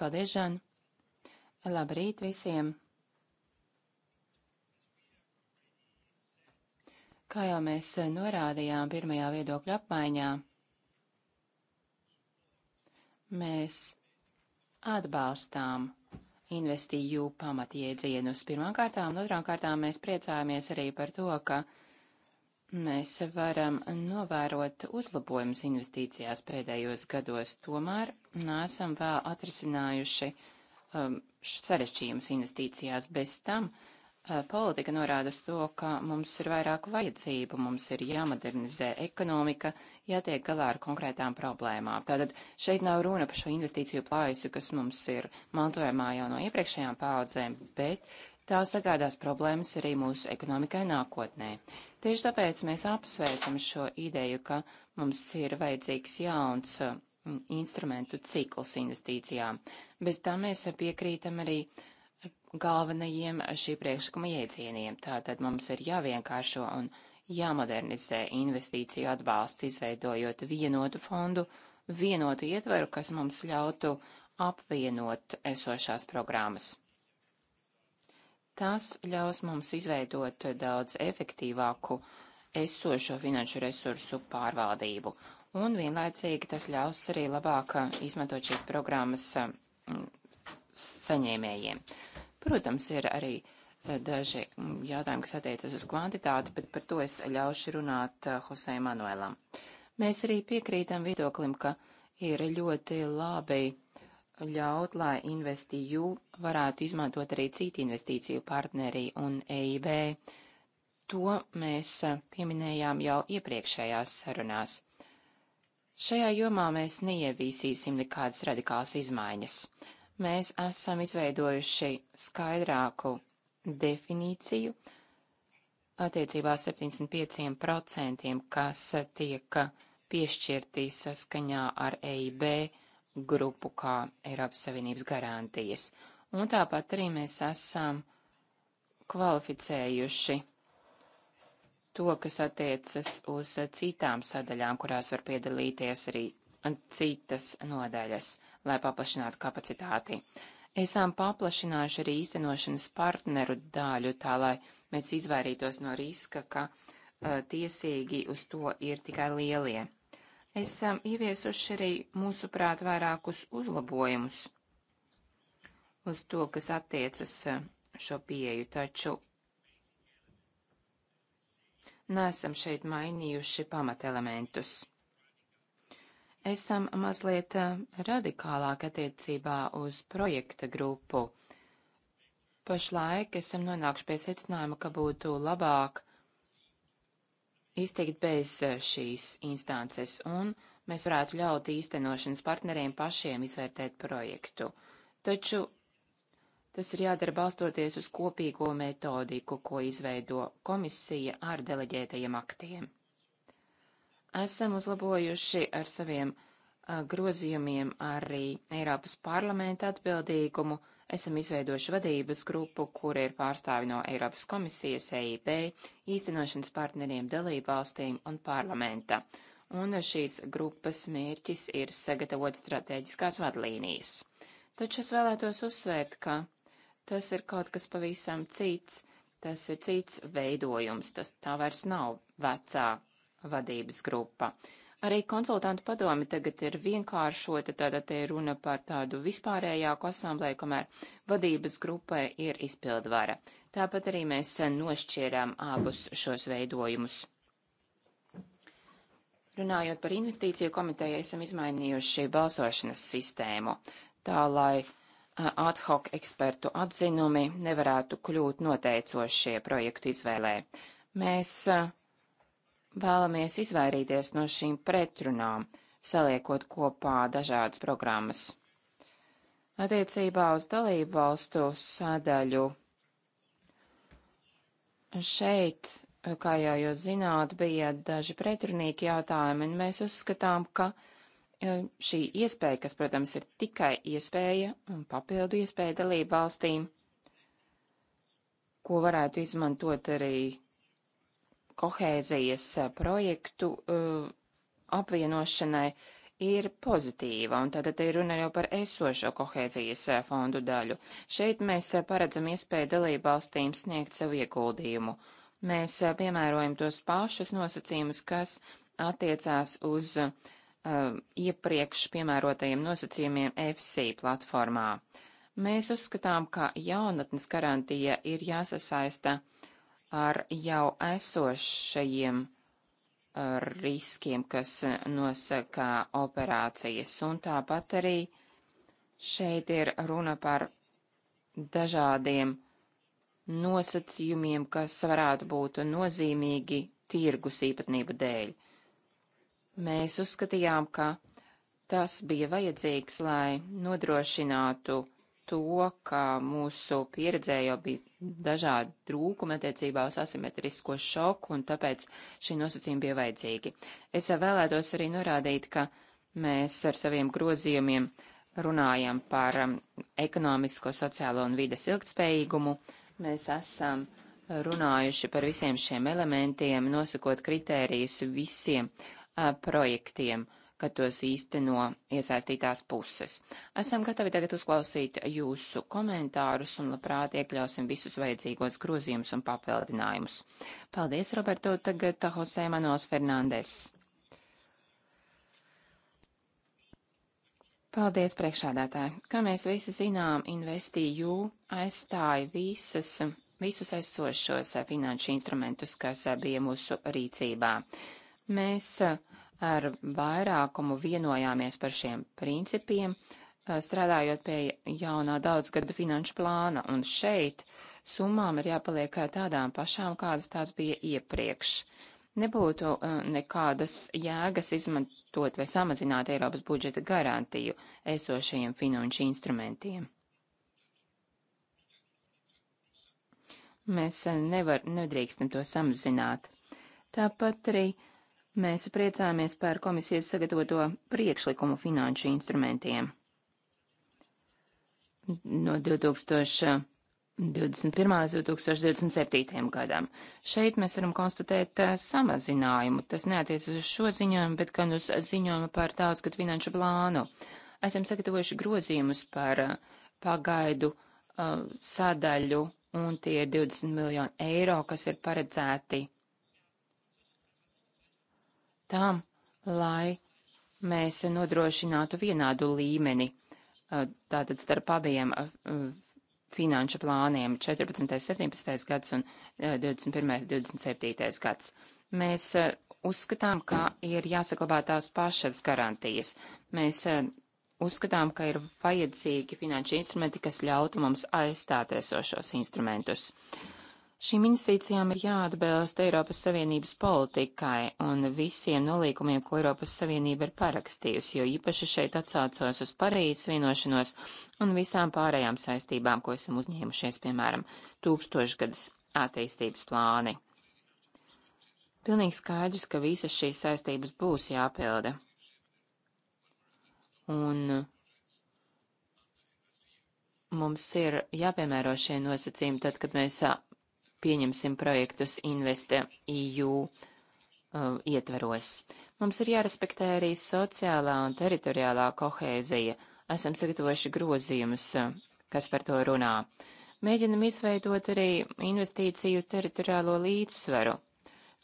Paldies, Žan! Labrīt visiem! Kā jau mēs eh, norādījām pirmajā viedokļa apmaiņā, mēs atbalstām investīju pamatiedzienus pirmām kārtām, un otrām kārtām mēs priecājamies arī par to, ka Mēs varam novērot uzlabojumus investīcijās pēdējos gados, tomēr nesam vēl atrisinājuši um, sarešķījumus investīcijās. Bez tam uh, politika norāda uz to, ka mums ir vairāk vajadzību, mums ir jāmodernizē ekonomika, jātiek galā ar konkrētām problēmām. Tātad šeit nav runa par šo investīciju plājusu, kas mums ir mantojumā jau no iepriekšējām paudzēm, bet Tā sagādās problēmas arī mūsu ekonomikai nākotnē. Tieši tāpēc mēs apsveicam šo ideju, ka mums ir vajadzīgs jauns mm, instrumentu cikls investīcijām. Bez tā mēs piekrītam arī galvenajiem šī priekšlikuma iedzieniem. Tātad mums ir jāvienkāršo un jāmodernizē investīciju atbalsts, izveidojot vienotu fondu, vienotu ietveru, kas mums ļautu apvienot esošās programmas. Tas ļaus mums izveidot daudz efektīvāku esošo finanšu resursu pārvaldību, un vienlaicīgi tas ļaus arī labāk izmantot šīs programmas saņēmējiem. Protams, ir arī e, daži jautājumi, kas attiecas uz kvantitāti, bet par to es ļaušu runāt Hosei e, Manuēlam. Mēs arī piekrītam viedoklim, ka ir ļoti labi ļaut, lai investīju varētu izmantot arī citi investīciju partneri un EIB. To mēs pieminējām jau iepriekšējās sarunās. Šajā jomā mēs neieviesīsim nekādas radikālas izmaiņas. Mēs esam izveidojuši skaidrāku definīciju attiecībā 75%, kas tiek piešķirti saskaņā ar EIB grupu kā Eiropas Savienības garantijas. Un tāpat arī mēs esam kvalificējuši to, kas attiecas uz citām sadaļām, kurās var piedalīties arī citas nodaļas, lai paplašinātu kapacitāti. Esam paplašinājuši arī īstenošanas partneru daļu, tā lai mēs izvairītos no riska, ka uh, tiesīgi uz to ir tikai lielie esam ieviesuši arī mūsuprāt vairākus uzlabojumus uz to, kas attiecas eh, šo pieeju, taču nesam šeit mainījuši pamatelementus. Esam mazliet eh, radikālāk attiecībā uz projekta grupu. Pašlaik esam nonākuši pie secinājuma, ka būtu labāk izteikt bez e, šīs instances, un mēs varētu ļaut īstenošanas partneriem pašiem izvērtēt projektu. Taču tas ir jādara balstoties uz kopīgo metodiku, ko izveido komisija ar deleģētajiem aktiem. Esam uzlabojuši ar saviem grozījumiem arī Eiropas parlamenta atbildīgumu. Esam izveidojuši vadības grupu, kur ir pārstāvi no Eiropas komisijas, EIB, īstenošanas partneriem, dalībvalstīm un parlamenta. Un šīs grupas mērķis ir sagatavot strateģiskās vadlīnijas. Taču es vēlētos uzsvērt, ka tas ir kaut kas pavisam cits, tas ir cits veidojums, tas tā vairs nav vecā vadības grupa. Uh, Arī konsultantu padomi tagad ir vienkāršota, tātad te ir runa par tādu vispārējāku asamblēju, kamēr vadības grupai ir izpildvara. Tāpat arī mēs nošķērām abus šos veidojumus. Runājot par investīciju komiteju, esam izmainījuši balsošanas sistēmu, tā lai ad hoc ekspertu atzinumi nevarētu kļūt noteicošie projektu izvēlē. Mēs Vēlamies izvairīties no šīm pretrunām, saliekot kopā dažādas programmas. Attiecībā uz dalību valstu sadaļu šeit, kā jau jūs zināt, bija daži pretrunīgi jautājumi, un mēs uzskatām, ka e, šī iespēja, kas, protams, ir tikai iespēja un papildu iespēja dalību valstīm, ko varētu izmantot arī kohēzijas eh, projektu uh, apvienošanai ir pozitīva, un tātad ir runa jau par esošo kohēzijas eh, fondu daļu. Šeit mēs paredzam iespēju dalībvalstīm sniegt savu ieguldījumu. Mēs piemērojam tos pašus nosacījumus, kas attiecās uz uh, iepriekš piemērotajiem nosacījumiem FC platformā. Mēs uzskatām, ka jaunatnes garantija ir jāsasaista uh, ar jau esošajiem eh, riskiem, kas eh, nosaka operācijas, un tāpat arī šeit ir runa par dažādiem nosacījumiem, kas varētu būt nozīmīgi tirgus īpatnību dēļ. Mēs uzskatījām, ka tas bija vajadzīgs, lai nodrošinātu to, ka mūsu pieredzē jau bija dažādi trūkumi attiecībā uz asimetrisko šoku, un tāpēc šī nosacījuma bija vajadzīgi. Es vēlētos arī norādīt, ka mēs ar saviem grozījumiem runājam par um, ekonomisko, sociālo un vides ilgtspējīgumu. Mēs esam runājuši par visiem šiem elementiem, nosakot kritērijus visiem a, uh, projektiem. Uh, kad tos īsteno iesaistītās puses. Esam gatavi tagad uzklausīt jūsu komentārus un labprāt iekļausim visus vajadzīgos grozījumus un papildinājumus. Paldies, Roberto, tagad Jose Manuels Fernandes. Paldies, priekšādātāji! Kā mēs visi zinām, investīju aizstāja visas, visus aizsošos finanšu instrumentus, kas bija mūsu rīcībā. Mēs uh, ar vairākumu vienojāmies par šiem principiem, eh, strādājot pie jaunā daudzgada finanšu plāna, un šeit summām ir jāpaliek eh, tādām pašām, kādas tās bija iepriekš. Nebūtu eh, nekādas jēgas izmantot vai samazināt Eiropas budžeta garantiju esošajiem finanšu instrumentiem. Mēs nevar, nedrīkstam to samazināt. Tāpat arī uh, Mēs priecāmies par komisijas sagatavoto priekšlikumu finanšu instrumentiem. No 2021. līdz 2027. gadam. Šeit mēs varam konstatēt uh, samazinājumu. Tas neatiecas uz šo ziņojumu, bet gan uz ziņojumu par daudzgadu finanšu plānu. Esam sagatavojuši grozījumus par uh, pagaidu uh, sadaļu, un tie ir 20 miljoni eiro, kas ir paredzēti tam, lai mēs nodrošinātu vienādu līmeni uh, tātad starp abiem uh, uh, finanšu plāniem 14., 17. gads un 21., 27. gads. Mēs uzskatām, ka ir jāsaglabā tās pašas garantijas. Mēs uzskatām, ka ir vajadzīgi finanšu instrumenti, kas ļautu mums aizstāt esošos instrumentus. Uh, Šīm investīcijām ir jāatbilst Eiropas Savienības politikai un visiem nolīkumiem, ko Eiropas Savienība ir parakstījusi, jo īpaši šeit atsaucos uz Parīzes vienošanos un visām pārējām saistībām, ko esam uzņēmušies, piemēram, tūkstošgadas attīstības plāni. Pilnīgi skaidrs, ka visas šīs saistības būs jāpilda. Un mums ir jāpiemēro šie nosacījumi tad, kad mēs pieņemsim projektus Investe EU uh, ietveros. Mums ir jārespektē arī sociālā un teritoriālā kohēzija. Esam sagatavojuši grozījumus, uh, kas par to runā. Mēģinam izveidot arī investīciju teritoriālo līdzsvaru.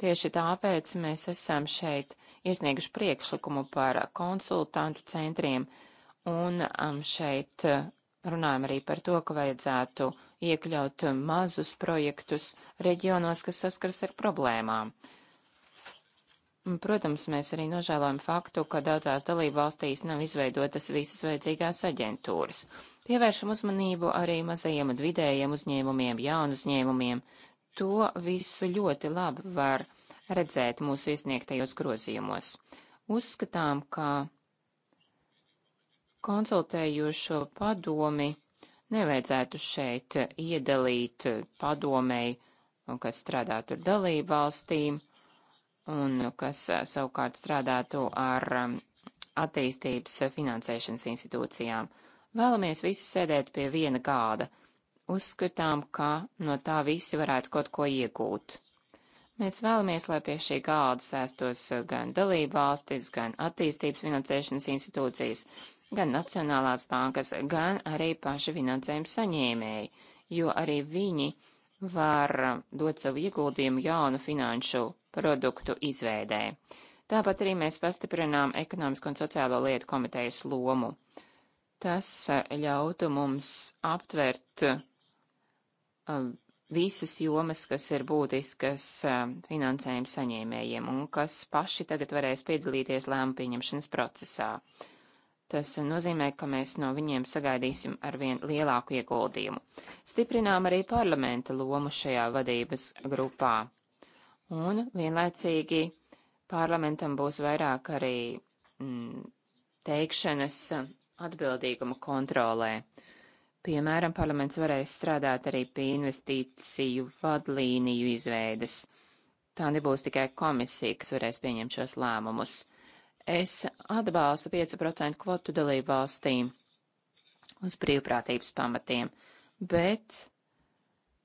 Tieši tāpēc mēs esam šeit iesnieguši priekšlikumu par konsultantu centriem, un um, šeit uh, Runājam arī par to, ka vajadzētu iekļaut mazus projektus reģionos, kas saskars ar problēmām. Protams, mēs arī nožēlojam faktu, ka daudzās dalībvalstīs nav izveidotas visas vajadzīgās aģentūras. Pievēršam uzmanību arī mazajiem un vidējiem uzņēmumiem, jaunu uzņēmumiem. To visu ļoti labi var redzēt mūsu iesniegtajos grozījumos. Uzskatām, ka konsultējošo padomi nevajadzētu šeit iedalīt padomēji, kas strādātu ar dalību valstīm un kas eh, savukārt strādātu ar um, attīstības finansēšanas institūcijām. Vēlamies visi sēdēt pie viena gāda. Uzskatām, ka no tā visi varētu kaut ko iegūt. Mēs vēlamies, lai pie šī gāda sēstos gan dalība valstis, gan attīstības finansēšanas institūcijas, gan Nacionālās bankas, gan arī paši finansējuma saņēmēji, jo arī viņi var dot savu ieguldījumu jaunu finanšu produktu izveidē. Tāpat arī mēs pastiprinām ekonomisko un sociālo lietu komitejas lomu. Tas e, ļautu mums aptvert e, visas jomas, kas ir būtiskas e, finansējuma saņēmējiem un kas paši tagad varēs piedalīties lēmu pieņemšanas procesā. Tas nozīmē, ka mēs no viņiem sagaidīsim arvien lielāku ieguldījumu. Stiprinām arī parlamenta lomu šajā vadības grupā. Un vienlaicīgi parlamentam būs vairāk arī mm, teikšanas atbildīguma kontrolē. Piemēram, parlaments varēs strādāt arī pie investīciju vadlīniju izveides. Tā nebūs tikai komisija, kas varēs pieņemt šos lēmumus. Es atbalstu 5% kvotu dalību valstīm uz brīvprātības pamatiem, bet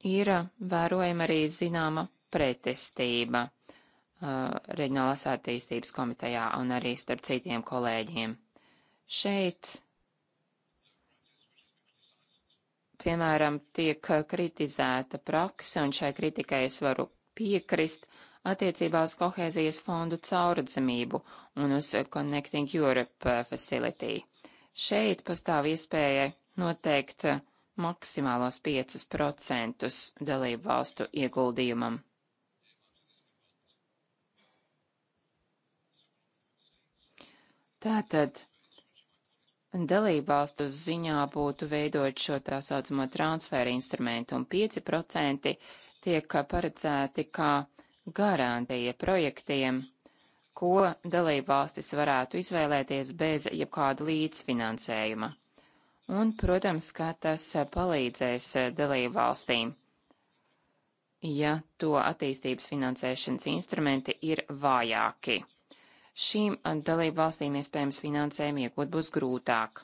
ir uh, vērojama arī zināma pretestība uh, Reģionālās attīstības komitejā un arī starp citiem kolēģiem. Šeit, piemēram, tiek uh, kritizēta praksa, un šai kritikai es varu piekrist, attiecībā uz kohēzijas fondu caurdzamību un uz Connecting Europe uh, Facility. Šeit pastāv iespēja noteikt uh, maksimālos 5% dalību valstu ieguldījumam. Tātad dalībvalstu ziņā būtu veidot šo tā saucamo transferu instrumentu, un 5% tiek paredzēti kā garantija projektiem, ko dalībvalstis varētu izvēlēties bez jebkāda līdzfinansējuma. Un, protams, ka tas palīdzēs dalībvalstīm, ja to attīstības finansēšanas instrumenti ir vājāki. Šīm dalībvalstīm iespējams finansējumu iegūt būs grūtāk.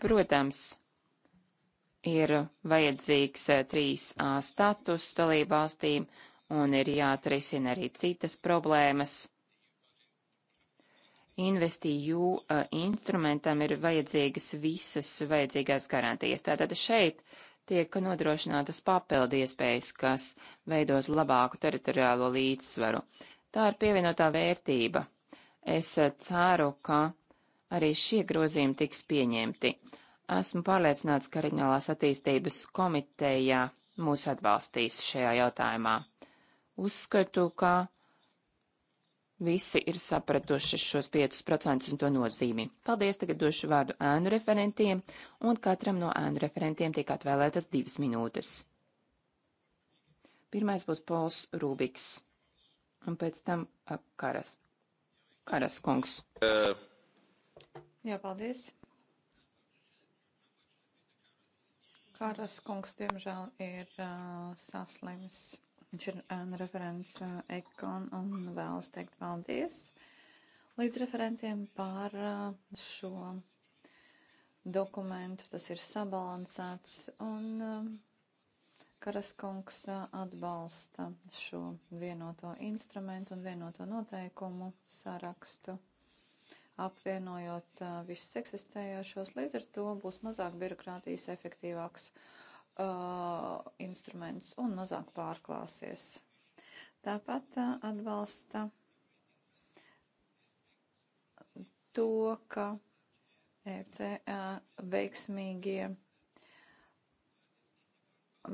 Protams, ir vajadzīgs 3A eh, status dalībvalstīm un ir jāatrisina arī citas problēmas. Investīju eh, instrumentam ir vajadzīgas visas vajadzīgās garantijas. Tātad šeit tiek nodrošinātas papildu iespējas, kas veidos labāku teritoriālo līdzsvaru. Tā ir pievienotā vērtība. Es eh, ceru, ka arī šie grozījumi tiks pieņemti. Esmu pārliecināts, ka Reģionālās attīstības komiteja mūs atbalstīs šajā jautājumā. Uzskatu, ka visi ir sapratuši šos 5% un to nozīmi. Paldies, tagad došu vārdu ēnu referentiem, un katram no ēnu referentiem tiek atvēlētas divas minūtes. Pirmais būs Pols Rūbiks, un pēc tam Karas, Karas kungs. Jā, paldies. Kāras kungs, diemžēl, ir uh, saslims. Viņš ir um, referents uh, Ekon un vēlas teikt paldies līdz referentiem par uh, šo dokumentu. Tas ir sabalansēts un uh, Karas kungs uh, atbalsta šo vienoto instrumentu un vienoto noteikumu sarakstu apvienojot visus eksistējošos. Līdz ar to būs mazāk birokrātijas efektīvāks uh, instruments un mazāk pārklāsies. Tāpat uh, atbalsta to, ka EFC veiksmīgie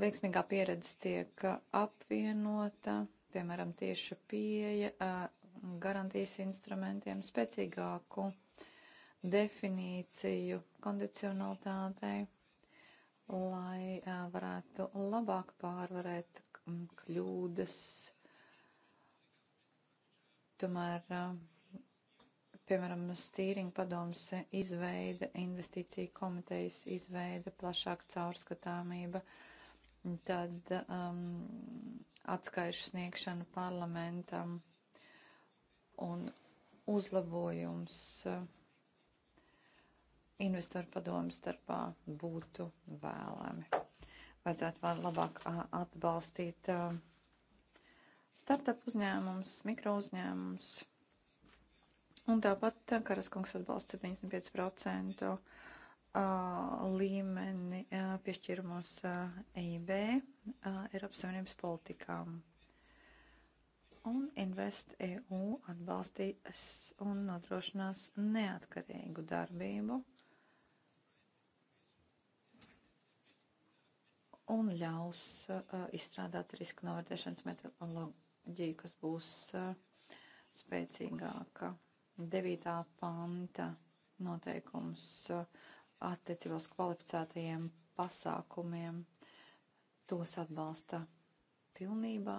veiksmīgā pieredze tiek apvienota, piemēram, tieša pieeja, garantijas instrumentiem, spēcīgāku definīciju kondicionalitātei, lai varētu labāk pārvarēt kļūdas. Tomēr, piemēram, stīringa padomas izveida, investīcija komitejas izveida, plašāka caurskatāmība, tad um, atskaišu sniegšanu parlamentam un uzlabojums eh, investoru padomu starpā būtu vēlami. Vajadzētu vēl labāk atbalstīt eh, startup uzņēmums, mikro uzņēmums. Un tāpat eh, Karaskungs atbalsta 75% līmeni piešķirumos EIB e Eiropas Savienības politikām un InvestEU atbalstīs un nodrošinās neatkarīgu darbību un ļaus uh, izstrādāt riska novērtēšanas metodoloģiju, kas būs uh, spēcīgāka. 9. panta noteikums uh, attiecībos kvalificētajiem pasākumiem tos atbalsta pilnībā.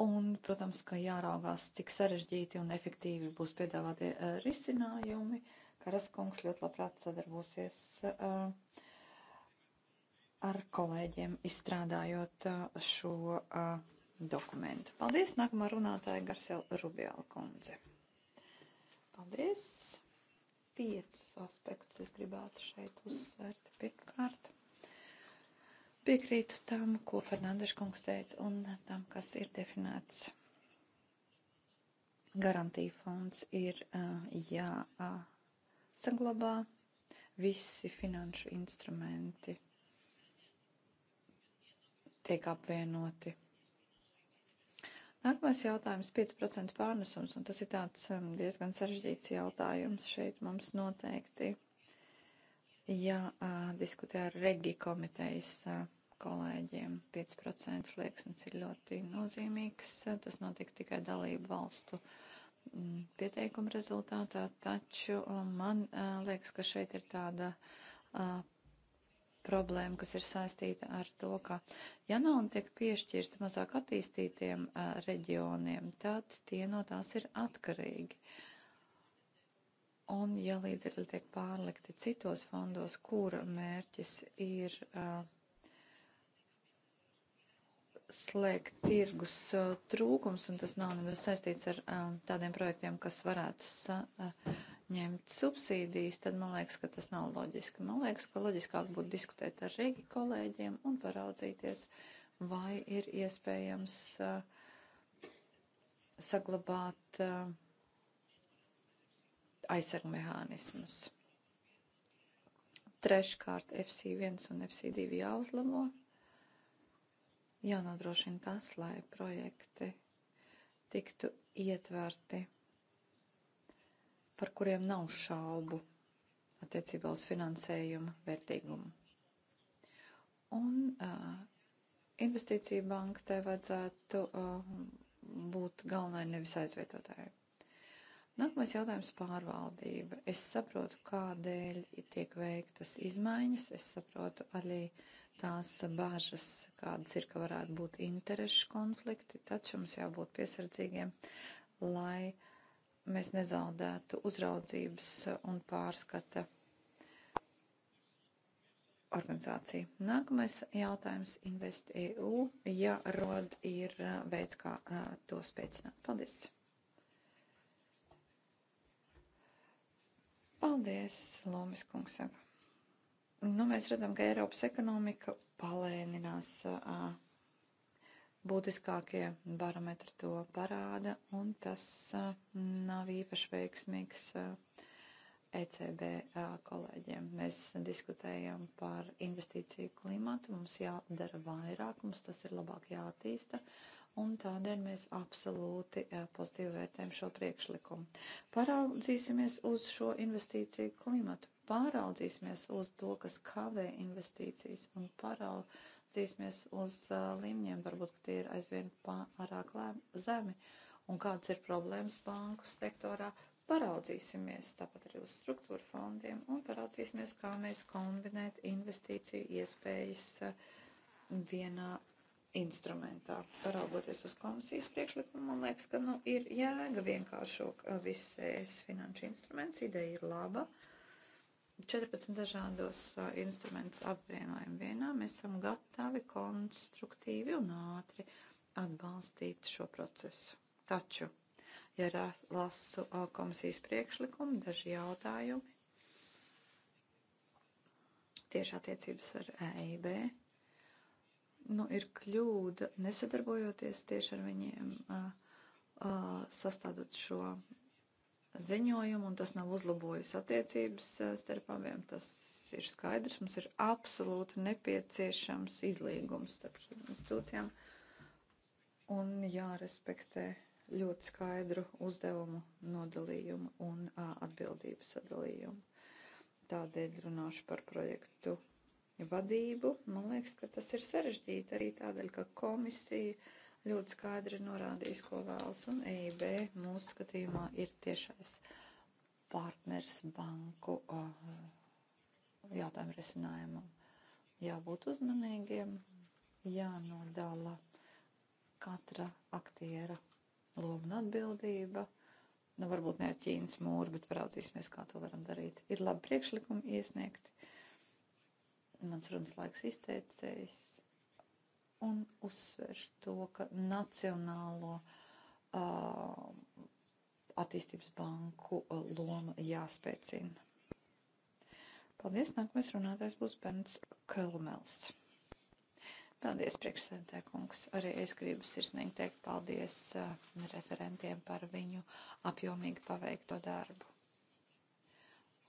Un, protams, ka jāraugās, cik sarežģīti un efektīvi būs piedāvātie uh, risinājumi. Karaskungs ļoti labprāt sadarbosies uh, ar kolēģiem, izstrādājot uh, šo uh, dokumentu. Paldies! Nākamā runātāja Garsela Rubiela kundze. Paldies! Piecus aspektus es gribētu šeit uzsvērt. Pirmkārt. Piekrītu tam, ko Fernandeša kungs teica, un tam, kas ir definēts. Garantija fonds ir uh, jāsaglabā visi finanšu instrumenti tiek apvienoti. Nākamais jautājums - 5% pārnesums, un tas ir tāds diezgan sarežģīts jautājums. Šeit mums noteikti jādiskutē ar regi komitejas kolēģiem. 5% slieksnis ir ļoti nozīmīgs. Tas notika tikai dalību valstu mm, pieteikuma rezultātā, taču man liekas, ka šeit ir tāda problēma, kas ir saistīta ar to, ka ja nauda tiek piešķirta mazāk attīstītiem a, reģioniem, tad tie no tās ir atkarīgi. Uh, Un, ja līdzekļi tiek pārlikti citos fondos, kura mērķis ir uh, slēgt tirgus uh, trūkums, un tas nav nemaz saistīts ar uh, tādiem projektiem, kas varētu saņemt subsīdijas, tad man liekas, ka tas nav loģiski. Man liekas, ka loģiskāk būtu diskutēt ar Rīgi kolēģiem un paraudzīties, vai ir iespējams saglabāt aizsargu mehānismus. Treškārt FC1 un FC2 jāuzlabo. Jānodrošina tas, lai projekti tiktu ietverti, par kuriem nav šaubu attiecībā uz finansējuma vērtīgumu. Un uh, investīcija banka te vajadzētu uh, būt galvenai nevis aizvietotāji. Nākamais jautājums - pārvaldība. Es saprotu, kādēļ tiek veiktas izmaiņas, es saprotu arī tās bāžas, kādas ir, ka varētu būt interešu konflikti, taču mums jābūt piesardzīgiem, lai mēs nezaudētu uzraudzības un pārskata organizāciju. Nākamais jautājums - InvestEU, ja rod ir veids, kā to spēcināt. Paldies! Paldies, Lomis kungs saka. Nu, mēs redzam, ka Eiropas ekonomika palēninās. Uh, būtiskākie barometri to parāda, un tas uh, nav īpaši veiksmīgs uh, ECB kolēģiem. Mēs diskutējam par investīciju klimatu, mums jādara vairāk, mums tas ir labāk jātīsta. Uh, un tādēļ mēs absolūti eh, pozitīvi vērtējam šo priekšlikumu. Paraudzīsimies uz šo investīciju klimatu, pāraudzīsimies uz to, kas kavē investīcijas un paraudzīsimies uz uh, līmeņiem, varbūt, ka tie ir aizvien pārāk zemi un kādas ir problēmas banku sektorā. Paraudzīsimies tāpat arī uz struktūra fondiem un paraudzīsimies, kā mēs kombinēt investīciju iespējas uh, vienā instrumentā. Paraugoties uz komisijas priekšlikumu, man liekas, ka nu, ir jēga vienkāršo uh, viss ES finanšu instruments, ideja ir laba. 14 dažādos uh, instrumentus apvienojam vienā, mēs esam gatavi konstruktīvi un ātri atbalstīt šo procesu. Taču, ja ras, lasu uh, komisijas priekšlikumu, daži jautājumi tieši attiecības ar EIB nu, ir kļūda nesadarbojoties tieši ar viņiem, a, a, sastādot šo ziņojumu, un tas nav uzlabojis attiecības starp abiem. Tas ir skaidrs, mums ir absolūti nepieciešams izlīgums starp šīm institūcijām un jārespektē ļoti skaidru uzdevumu nodalījumu un a, atbildību sadalījumu. Tādēļ runāšu par projektu vadību. Man liekas, ka tas ir sarežģīti arī tādēļ, ka komisija ļoti skaidri norādījis, ko vēlas, un EIB mūsu skatījumā ir tiešais partners banku uh, jautājumu risinājumam. Jābūt uzmanīgiem, jānodala katra aktiera loma un atbildība. Nu, varbūt ne ar Ķīnas mūru, bet paraudzīsimies, kā to varam darīt. Ir labi priekšlikumi iesniegti mans runas laiks izteicējis un uzsverš to, ka Nacionālo uh, attīstības banku loma jāspēcina. Paldies, nākamais runātājs būs Bernts Kalmels. Paldies, priekšsēdētāj kungs. Arī es gribu sirsnīgi teikt paldies uh, referentiem par viņu apjomīgi paveikto darbu.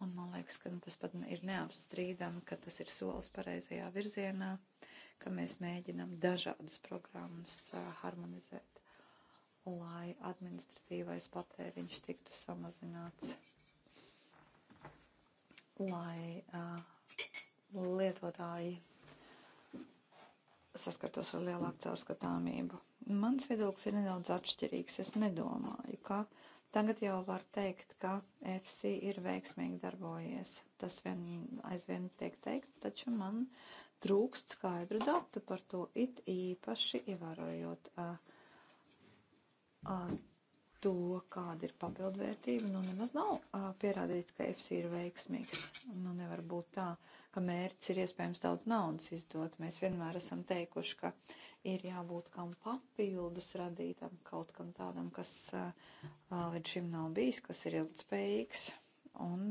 Un man liekas, ka nu, tas pat ir neapstrīdami, ka tas ir solis pareizajā virzienā, ka mēs mēģinam dažādas programmas uh, harmonizēt, lai administratīvais patēriņš tiktu samazināts, lai uh, lietotāji saskartos ar lielāku caurskatāmību. Mans viedoklis ir nedaudz atšķirīgs. Es nedomāju, ka. Uh, Tagad jau var teikt, ka FC ir veiksmīgi darbojies. Tas vien, aizvien tiek teikts, taču man trūkst skaidru datu par to, it īpaši ievērojot a, a, to, kāda ir papildvērtība. Nu, nemaz nav a, pierādīts, ka FC ir veiksmīgs. Nu, nevar būt tā, ka mērķis ir iespējams daudz naudas izdot. Mēs vienmēr esam teikuši, ka ir jābūt kam papildus radītam, kaut kam tādam, kas līdz šim nav bijis, kas ir ilgspējīgs un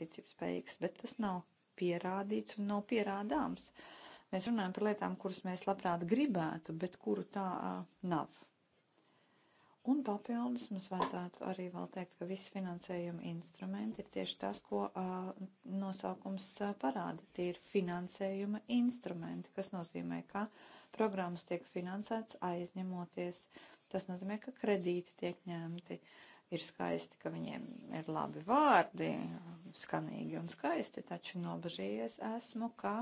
rīcības spējīgs, bet tas nav pierādīts un nav pierādāms. Mēs runājam par lietām, kuras mēs labprāt gribētu, bet kuru tā nav. Un papildus mums vajadzētu arī vēl teikt, ka visi finansējuma instrumenti ir tieši tas, ko uh, nosaukums uh, parāda. Tie ir finansējuma instrumenti, kas nozīmē, ka programmas tiek finansēts aizņemoties. Tas nozīmē, ka kredīti tiek ņemti. Ir skaisti, ka viņiem ir labi vārdi, skanīgi un skaisti, taču nobežījies esmu, ka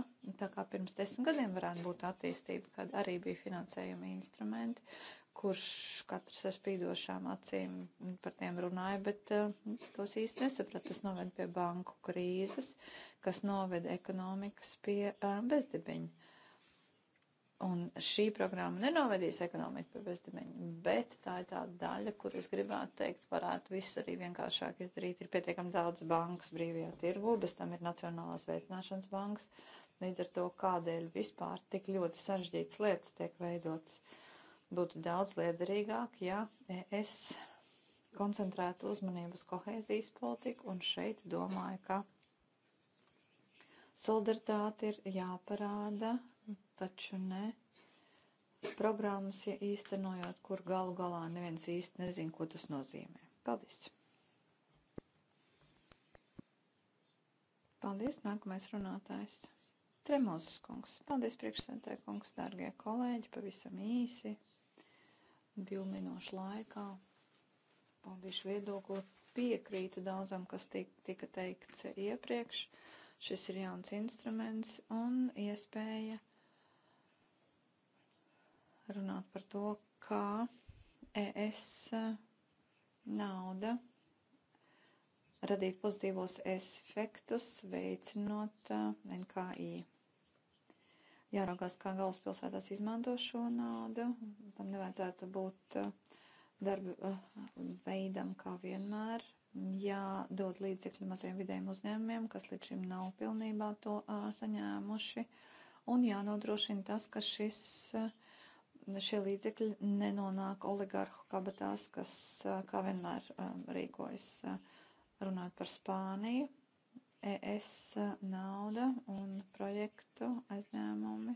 tā kā pirms desmit gadiem varētu būt attīstība, kad arī bija finansējuma instrumenti, kurš katrs ar spīdošām acīm par tiem runāja, bet uh, tos īsti nesaprata. Tas noved pie banku krīzes, kas noved ekonomikas pie uh, eh, bezdibiņa. Un šī programma nenovedīs ekonomiku pie bezdimeņa, bet tā ir tā daļa, kur es gribētu teikt, varētu viss arī vienkāršāk izdarīt. Ir pietiekami daudz bankas brīvajā tirgu, bez tam ir Nacionālās veicināšanas bankas. Līdz ar to, kādēļ vispār tik ļoti sarežģītas lietas tiek veidotas, būtu daudz liederīgāk, ja es koncentrētu uzmanību uz kohēzijas politiku un šeit domāju, ka solidaritāte ir jāparāda taču nē. Programmas ja īstenojot, kur galu galā neviens īsti nezin, ko tas nozīmē. Paldies! Paldies, nākamais runātājs. Tremozes kungs. Paldies, priekšsēdētāji kungs, dārgie kolēģi, pavisam īsi, divu minūšu laikā. Paldīšu viedokli. Piekrītu daudzam, kas tika teikts iepriekš. Šis ir jauns instruments un iespēja runāt par to, kā ES nauda radīt pozitīvos efektus, veicinot uh, NKI. Jāraugās, kā galvaspilsētās izmanto šo naudu. Tam nevajadzētu būt uh, darba uh, veidam, kā vienmēr. Jādod līdzekļi maziem vidējiem uzņēmumiem, kas līdz šim nav pilnībā to saņēmuši. Un jānodrošina tas, ka šis uh, šie līdzekļi nenonāk oligarhu kabatās, kas kā vienmēr rīkojas runāt par Spāniju. ES nauda un projektu aizņēmumi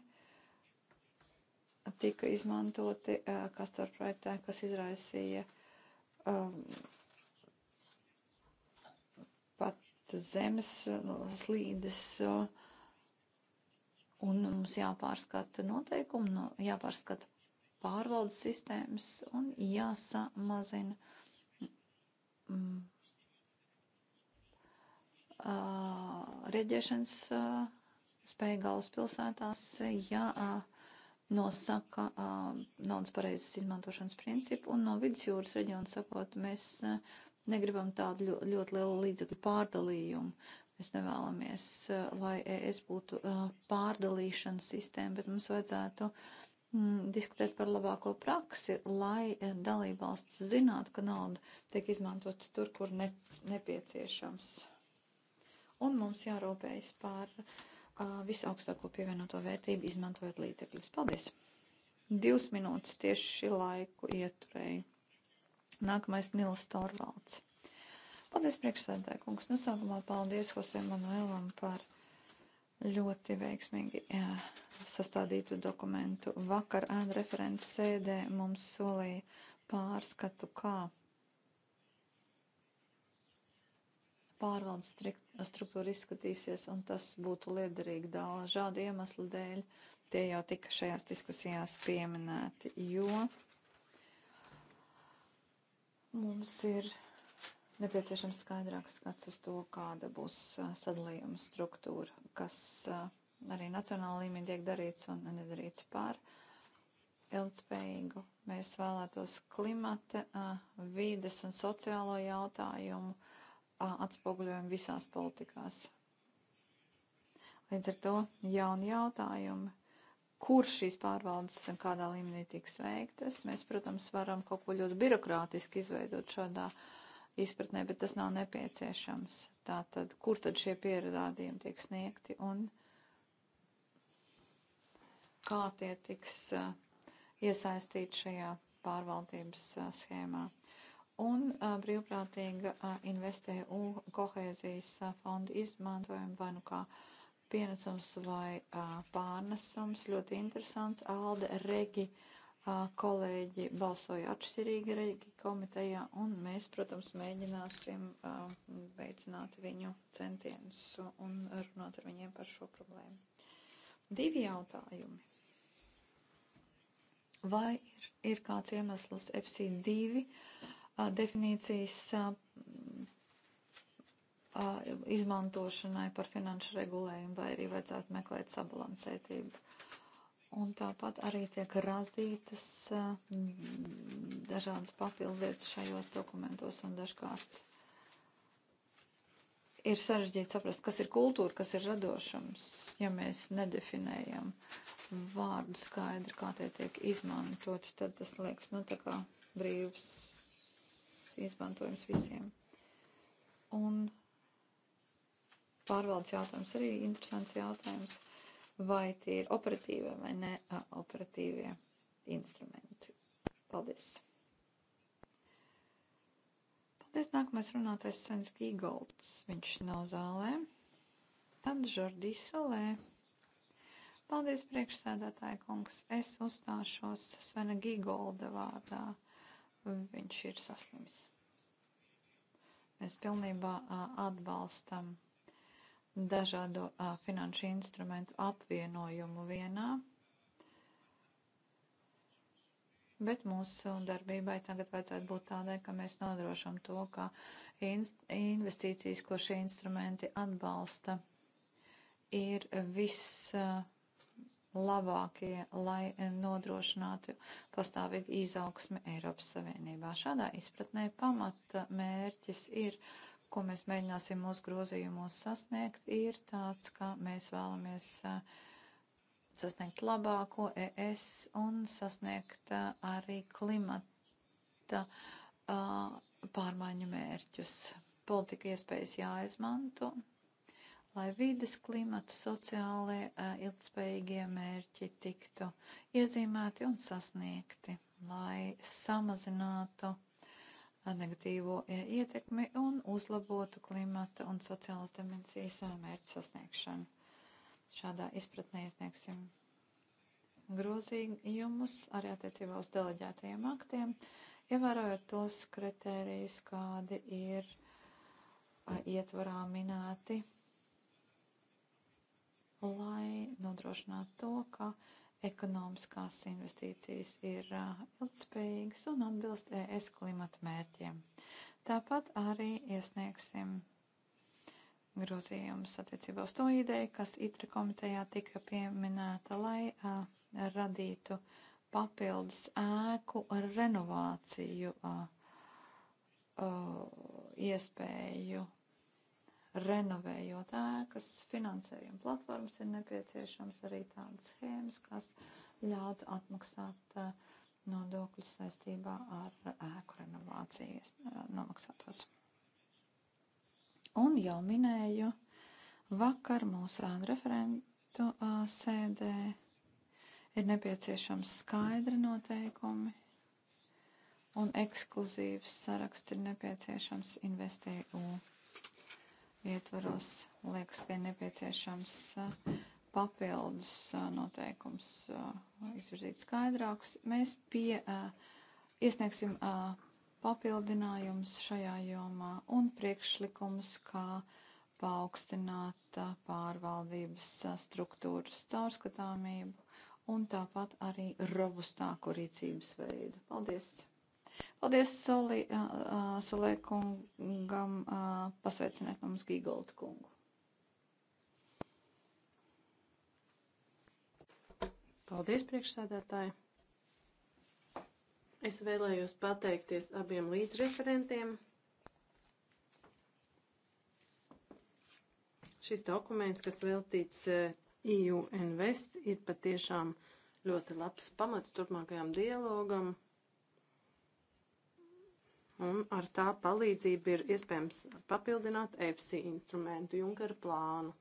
tika izmantoti Kastor projektā, kas izraisīja um, pat zemes slīdes. Uh, un mums jāpārskata noteikumi, no, jāpārskata pārvaldes sistēmas un jāsamazina mm, uh, rieģēšanas uh, spēja galvaspilsētās, jā, uh, nosaka uh, naudas pareizes izmantošanas principu un no vidusjūras reģiona sakot, mēs uh, negribam tādu ļo, ļoti lielu līdzekļu pārdalījumu. Mēs nevēlamies, uh, lai es būtu uh, pārdalīšanas sistēma, bet mums vajadzētu uh, m, mm, diskutēt par labāko praksi, lai eh, dalībvalsts zinātu, ka nauda tiek izmantot tur, kur ne, nepieciešams. Un mums jārūpējas par uh, visaugstāko pievienoto vērtību, izmantojot līdzekļus. Paldies! Divas minūtes tieši laiku ieturēju. Nākamais Nils Torvalds. Paldies, priekšsēdētāji kungs. Nu, sākumā paldies Hosē Manuēlam par ļoti veiksmīgi jā, sastādītu dokumentu. Vakar ēna referents sēdē mums solīja pārskatu, kā pārvaldes struktūra izskatīsies, un tas būtu liederīgi dažādu iemeslu dēļ. Tie jau tika šajās diskusijās pieminēti, jo mums ir Nepieciešams skaidrāks skats uz to, kāda būs sadalījuma struktūra, kas arī nacionāla līmenī tiek darīts un nedarīts pār ilgspējīgu. Mēs vēlētos klimata, vides un sociālo jautājumu atspoguļojumu visās politikās. Līdz ar to jauni jautājumi, kur šīs pārvaldes un kādā līmenī tiks veiktas, mēs, protams, varam kaut ko ļoti birokrātiski izveidot šādā uh, izpratnē, bet tas nav nepieciešams. Tātad, kur tad šie pierādījumi tiek sniegti un kā tie tiks uh, iesaistīti šajā pārvaldības uh, schēmā. Un uh, brīvprātīga investēju kohēzijas fondu izmantojumu vai nu kā pienesums vai pārnesums. Ļoti interesants. Alde Regi. Uh, kolēģi balsoja atšķirīgi reģi komitejā, un mēs, protams, mēģināsim veicināt viņu centienus un runāt ar viņiem par šo problēmu. Divi jautājumi. Vai ir, ir kāds iemesls FC2 definīcijas izmantošanai par finanšu regulējumu, vai arī vajadzētu meklēt sabalansētību? Un tāpat arī tiek razītas dažādas papildlietas šajos dokumentos un dažkārt ir sarežģīti saprast, kas ir kultūra, kas ir radošums, ja mēs nedefinējam vārdu skaidri, kā tie tiek izmantoti, tad tas liekas, nu, tā kā brīvs izmantojums visiem. Un pārvaldes jautājums arī interesants jautājums. Uh, vai tie ir operatīvie vai neoperatīvie instrumenti. Paldies! Paldies! Nākamais runātais Svens Gīgolds. Viņš nav zālē. Tad Žordi Solē. Paldies, priekšsēdētāja kungs. Es uzstāšos Svena Gīgolda vārdā. Viņš ir saslims. Mēs pilnībā atbalstam dažādo a, finanšu instrumentu apvienojumu vienā. Bet mūsu darbībai tagad vajadzētu būt tādai, ka mēs nodrošam to, ka investīcijas, ko šie instrumenti atbalsta, ir viss. Uh, labākie, lai nodrošinātu pastāvīgu izaugsmi Eiropas Savienībā. Šādā izpratnē pamata mērķis ir ko mēs mēģināsim mūsu grozījumos sasniegt, ir tāds, ka mēs vēlamies eh, sasniegt labāko ES un sasniegt eh, arī klimata eh, pārmaiņu mērķus. Politika iespējas jāizmanto, lai vides, klimata, sociālie, ilgspējīgie mērķi tiktu iezīmēti un sasniegti, lai samazinātu negatīvo e, ietekmi un uzlabotu klimata un sociālas dimensijas e, mērķu sasniegšanu. Šādā izpratnē iesniegsim grozījumus arī attiecībā uz deleģētajiem aktiem, ievērojot tos kritērijus, kādi ir e, ietvarā minēti, lai nodrošinātu to, ka ekonomiskās investīcijas ir uh, ilgspējīgas un atbilst ES klimata mērķiem. Tāpat arī iesniegsim grozījumus attiecībā uz to ideju, kas ITRA e komitejā tika pieminēta, lai uh, radītu papildus ēku renovāciju uh, uh, iespēju renovējot ēkas, finansējuma platformas ir nepieciešams arī tādas schēmas, kas ļautu atmaksāt eh, nodokļus saistībā ar ēku renovācijas eh, nomaksātos. Un jau minēju vakar mūsu ēnu referentu eh, sēdē ir nepieciešams skaidri noteikumi un ekskluzīvs saraksts ir nepieciešams investēju ietvaros liekas, ka ir nepieciešams papildus noteikums izvirzīt skaidrākus. Mēs pie, iesniegsim papildinājumus šajā jomā un priekšlikumus, kā paaugstināt pārvaldības struktūras caurskatāmību un tāpat arī robustāku rīcības veidu. Paldies! Paldies Soli, uh, Solē kungam, uh, pasveiciniet mums Gigoldu kungu. Paldies, priekšsēdētāji. Es vēlējos pateikties abiem līdzreferentiem. Šis dokuments, kas veltīts EU Invest, ir patiešām ļoti labs pamats turpmākajam dialogam un ar tā palīdzību ir iespējams papildināt EFSI instrumentu Junkera plānu.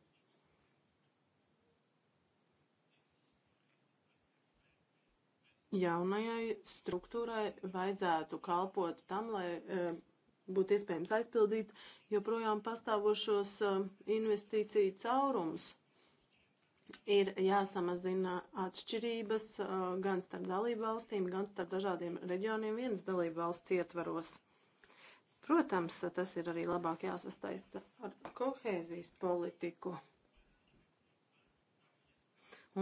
Jaunajai struktūrai vajadzētu kalpot tam, lai e, būtu iespējams aizpildīt joprojām pastāvošos e, investīciju caurumus. Ir jāsamazina atšķirības e, gan starp dalību valstīm, gan starp dažādiem reģioniem vienas dalību valsts ietvaros. Protams, tas ir arī labāk jāsastaista ar kohēzijas politiku.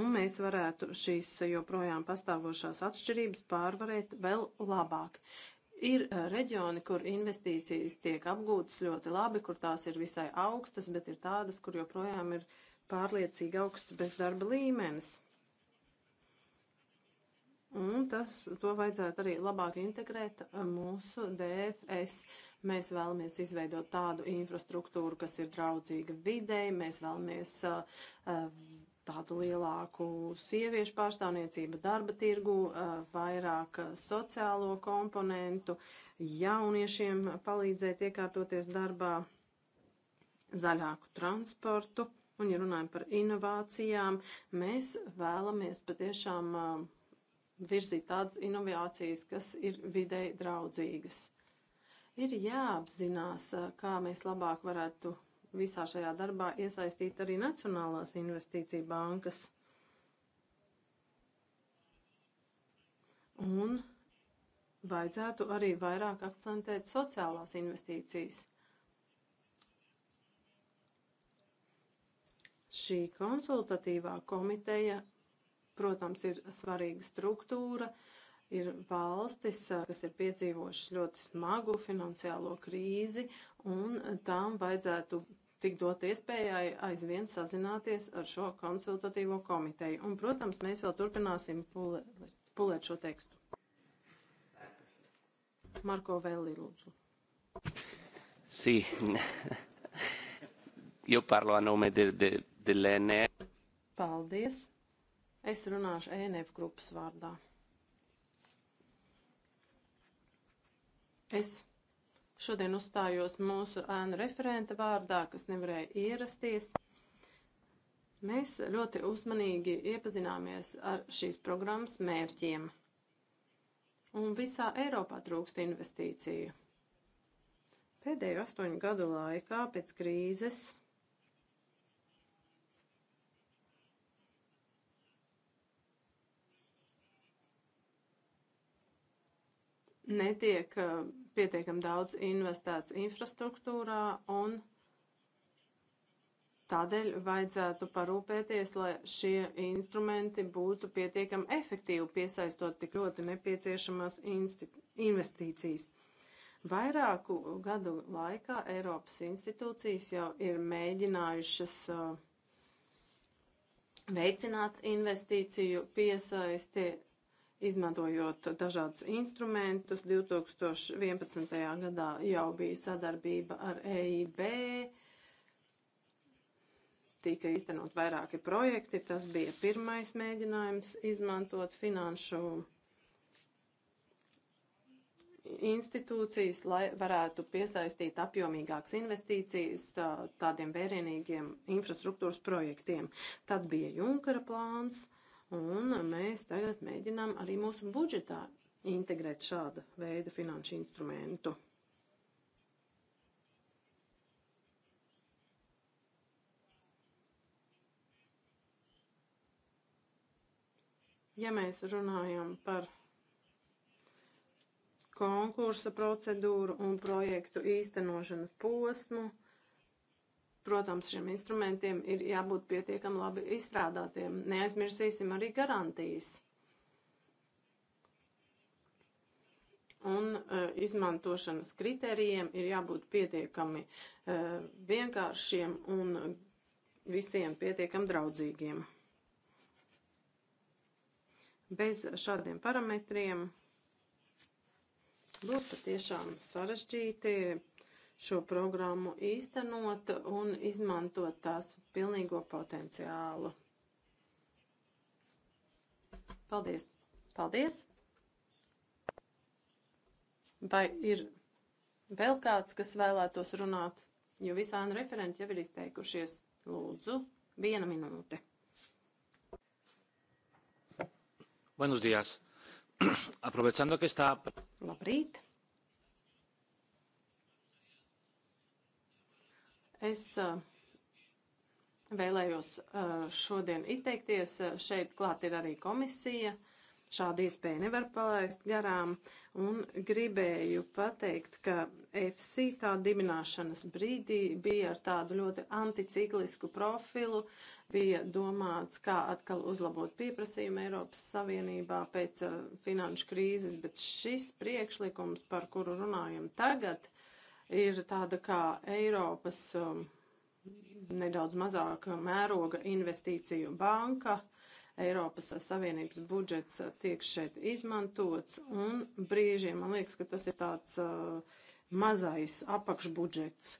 Un mēs varētu šīs joprojām pastāvošās atšķirības pārvarēt vēl labāk. Ir e, reģioni, kur investīcijas tiek apgūtas ļoti labi, kur tās ir visai augstas, bet ir tādas, kur joprojām ir pārliecīgi augsts bezdarba līmenis. Un tas, to vajadzētu arī labāk integrēt mūsu DFS. Mēs vēlamies izveidot tādu infrastruktūru, kas ir draudzīga videi, mēs vēlamies uh, uh tādu lielāku sieviešu pārstāvniecību darba tirgu, uh, vairāk sociālo komponentu, jauniešiem palīdzēt iekārtoties darbā, zaļāku transportu. Un, ja runājam par inovācijām, mēs vēlamies patiešām uh, virzīt tādas inovācijas, kas ir videi draudzīgas. Ir jāapzinās, kā mēs labāk varētu visā šajā darbā iesaistīt arī Nacionālās investīcija bankas. Un vajadzētu arī vairāk akcentēt sociālās investīcijas. Šī konsultatīvā komiteja Protams, ir svarīga struktūra, ir valstis, kas ir piedzīvojušas ļoti smagu finansiālo krīzi, un tām vajadzētu tik dot iespējai aizvien sazināties ar šo konsultatīvo komiteju. Un, protams, mēs vēl turpināsim pulē, pulēt šo tekstu. Marko Velli, lūdzu. Sī. Io parlo a nome de, de, dell'ENE. Paldies. Es runāšu ENF grupas vārdā. Es šodien uzstājos mūsu ēnu referenta vārdā, kas nevarēja ierasties. Mēs ļoti uzmanīgi iepazināmies ar šīs programmas mērķiem. Un visā Eiropā trūkst investīciju. Pēdējo astoņu gadu laikā pēc krīzes netiek eh, pietiekam daudz investēts infrastruktūrā un Tādēļ vajadzētu parūpēties, lai šie instrumenti būtu pietiekami efektīvi, piesaistot tik ļoti nepieciešamās investīcijas. Vairāku gadu laikā Eiropas institūcijas jau ir mēģinājušas eh, veicināt investīciju piesaisti izmantojot dažādus instrumentus. 2011. gadā jau bija sadarbība ar EIB, tika iztenot vairāki projekti. Tas bija pirmais mēģinājums izmantot finanšu institūcijas, lai varētu piesaistīt apjomīgākas investīcijas tādiem vērienīgiem infrastruktūras projektiem. Tad bija Junkara plāns. Uh, Un mēs tagad mēģinām arī mūsu budžetā integrēt šāda veida finanšu instrumentu. Ja mēs runājam par konkursa procedūru un projektu īstenošanas posmu, Protams, šiem instrumentiem ir jābūt pietiekami labi izstrādātiem. Neaizmirsīsim arī garantijas. Un uh, izmantošanas kritērijiem ir jābūt pietiekami uh, vienkāršiem un visiem pietiekami draudzīgiem. Bez šādiem parametriem būs patiešām sarežģīti šo programmu īstenot un izmantot tās pilnīgo potenciālu. Paldies! Paldies! Vai ir vēl kāds, kas vēlētos runāt? Jo visādi referenti jau ir izteikušies. Lūdzu, viena minūte. Buenos días. Aprovechando que está. Labrīt. Es eh, vēlējos eh, šodien izteikties. Šeit klāt ir arī komisija. Šādu iespēju nevar palaist garām. Un gribēju pateikt, ka FC tā dibināšanas brīdī bija ar tādu ļoti anticiklisku profilu. Bija domāts, kā atkal uzlabot pieprasījumu Eiropas Savienībā pēc uh, finanšu krīzes, bet šis priekšlikums, par kuru runājam tagad, uh, ir tāda kā Eiropas um, nedaudz mazāka mēroga investīciju banka. Eiropas Savienības budžets tiek šeit izmantots, un brīžiem man liekas, ka tas ir tāds uh, mazais apakšbudžets.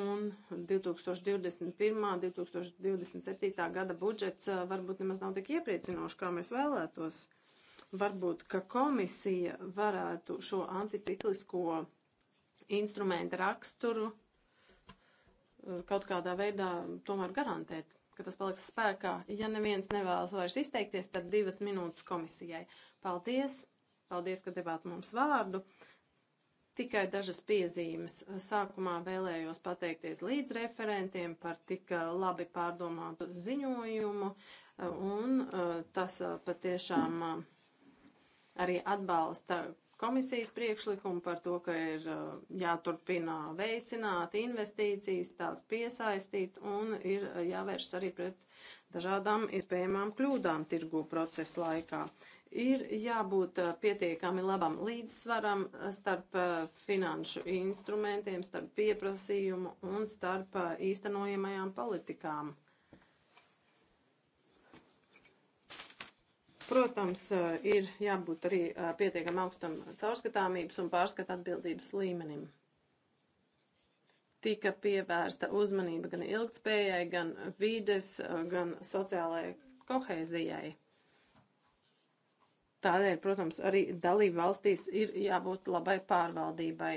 Un 2021. 2027. gada budžets uh, varbūt nemaz nav tik iepriecinošs, kā mēs vēlētos. Uh, Varbūt, ka komisija varētu šo anticiklisko instrumentu raksturu eh, kaut kādā veidā tomēr garantēt, ka tas paliks spēkā. Ja neviens nevēlas vairs izteikties, tad divas minūtes komisijai. Paldies! Paldies, ka devāt mums vārdu. Tikai dažas piezīmes. Sākumā vēlējos pateikties līdz referentiem par tik eh, labi pārdomātu ziņojumu, eh, un tas patiešām. Mm arī atbalsta komisijas priekšlikumu par to, ka ir uh, jāturpina veicināt investīcijas, tās piesaistīt un ir uh, jāvēršas arī pret dažādām iespējamām kļūdām tirgu procesa laikā. Ir jābūt uh, pietiekami labam līdzsvaram starp finanšu instrumentiem, starp pieprasījumu un starp īstenojamajām politikām. Protams, ir jābūt arī pietiekam augstam caurskatāmības un pārskata atbildības līmenim. Tika pievērsta uzmanība gan ilgtspējai, gan vides, gan sociālajai kohēzijai. Tādēļ, protams, arī dalību valstīs ir jābūt labai pārvaldībai,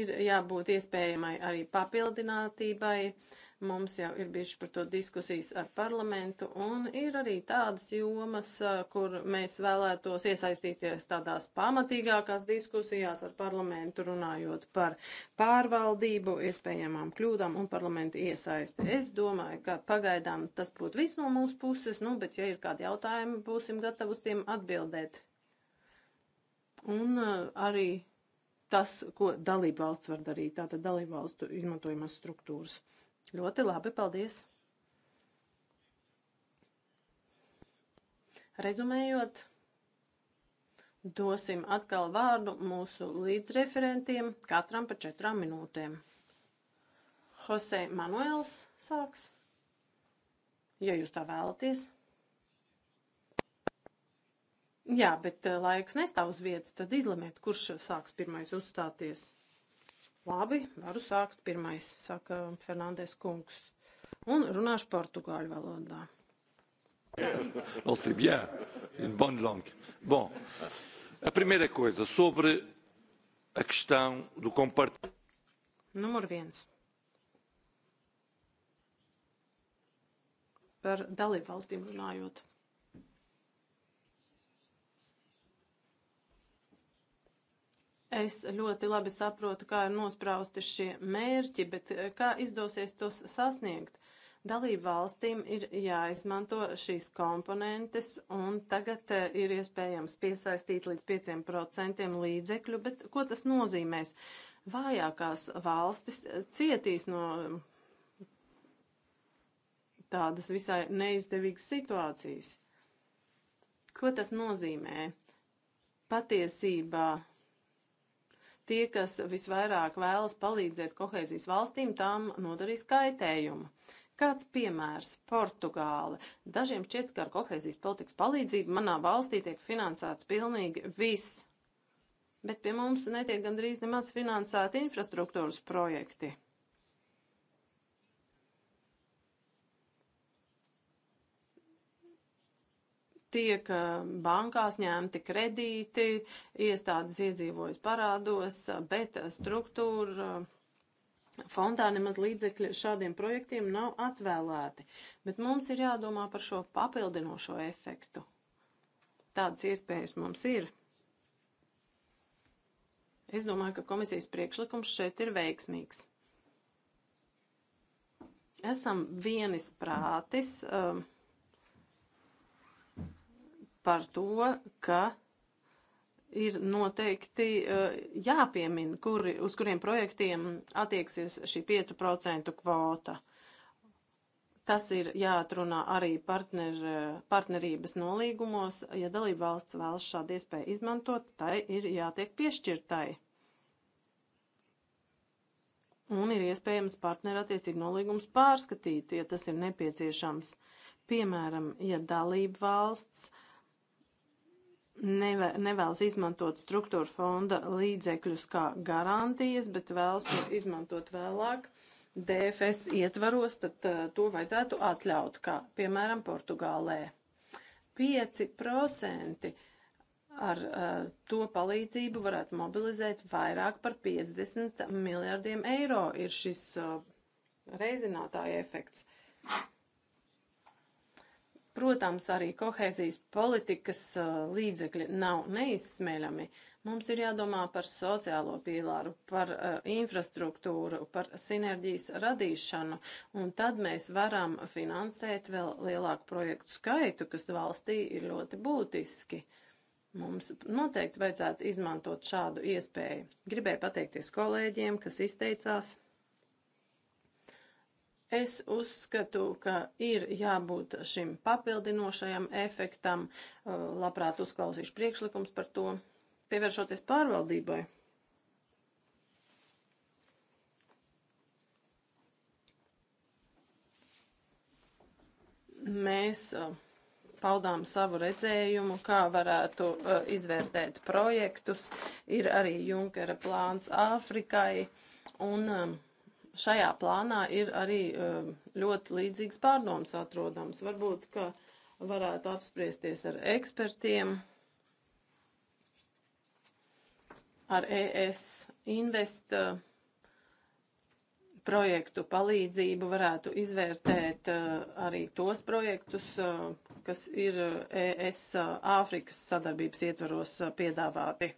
ir jābūt iespējamai arī papildinātībai, uh, Mums jau ir bijuši par to diskusijas ar parlamentu, un ir arī tādas jomas, kur mēs vēlētos iesaistīties tādās pamatīgākās diskusijās ar parlamentu, runājot par pārvaldību, iespējamām kļūdām un parlamentu iesaisti. Es domāju, ka pagaidām tas būtu viss no mūsu puses, nu, bet ja ir kādi jautājumi, būsim gatavi uz tiem atbildēt. Un uh, arī tas, ko dalība valsts var darīt, tātad dalība valstu izmantojamās struktūras. Ļoti labi, paldies! Rezumējot, dosim atkal vārdu mūsu līdzreferentiem, katram pa četrām minūtēm. Jose Manuels sāks, ja jūs tā vēlaties. Jā, bet eh, laiks nestāv uz vietas, tad izlemiet, kurš sāks pirmais uzstāties. Labi, varu sākt pirmais, saka Fernandes kungs. Un runāšu portugāļu valodā. Non, c'est bien, une bonne langue. Bom, a primeira coisa sobre a questão do compartimento. Número 1. Par dalību valstīm runājot. Es ļoti labi saprotu, kā ir nosprausti šie mērķi, bet eh, kā izdosies tos sasniegt? Dalību valstīm ir jāizmanto šīs komponentes, un tagad eh, ir iespējams piesaistīt līdz 5% līdzekļu, bet ko tas nozīmēs? Vājākās valstis eh, cietīs no mm, tādas visai neizdevīgas situācijas. Ko tas nozīmē? Patiesībā Tie, kas visvairāk vēlas palīdzēt kohēzijas valstīm, tam nodarīs kaitējumu. Kāds piemērs - Portugāle. Dažiem šķiet, ka ar kohēzijas politikas palīdzību manā valstī tiek finansēts pilnīgi viss, bet pie mums netiek gandrīz nemaz finansēti infrastruktūras projekti. tiek bankās ņemti kredīti, iestādes iedzīvojas parādos, bet struktūra fondā nemaz līdzekļi šādiem projektiem nav atvēlēti. Bet mums ir jādomā par šo papildinošo efektu. Tādas iespējas mums ir. Es domāju, ka komisijas priekšlikums šeit ir veiksmīgs. Esam vienis prātis. Um, par to, ka ir noteikti eh, jāpiemina, kuri, uz kuriem projektiem attieksies šī 5% kvota. Tas ir jāatrunā arī partner, eh, partnerības nolīgumos. Ja dalība valsts vēlas šādu iespēju izmantot, tai ir jātiek piešķirtai. Un ir iespējams partnerattiecīgi nolīgums pārskatīt, ja tas ir nepieciešams. Piemēram, ja dalība valsts uh, neve, nevēlas izmantot struktūra fonda līdzekļus kā garantijas, bet vēlas to izmantot vēlāk DFS ietvaros, tad uh, to vajadzētu atļaut, kā piemēram Portugālē. 5% ar uh, to palīdzību varētu mobilizēt vairāk par 50 miljardiem eiro, ir šis uh, reizinātāja efekts. Uh, Protams, arī kohēzijas politikas uh, līdzekļi nav neizsmeļami. Mums ir jādomā par sociālo pīlāru, par uh, infrastruktūru, par sinerģijas radīšanu, un tad mēs varam finansēt vēl lielāku projektu skaitu, kas valstī ir ļoti būtiski. Mums noteikti vajadzētu izmantot šādu iespēju. Gribēju pateikties kolēģiem, kas izteicās. Es uzskatu, ka ir jābūt šim papildinošajam efektam. Labprāt uzklausīšu priekšlikums par to, pievēršoties pārvaldībai. Mēs paudām savu redzējumu, kā varētu uh, izvērtēt projektus. Ir arī Junkera plāns Āfrikai. Un, uh, šajā plānā ir arī um, ļoti līdzīgs pārdoms atrodams. Varbūt, ka varētu apspriesties ar ekspertiem, ar ES Invest uh, projektu palīdzību varētu izvērtēt uh, arī tos projektus, uh, kas ir ES Āfrikas sadarbības ietvaros piedāvāti.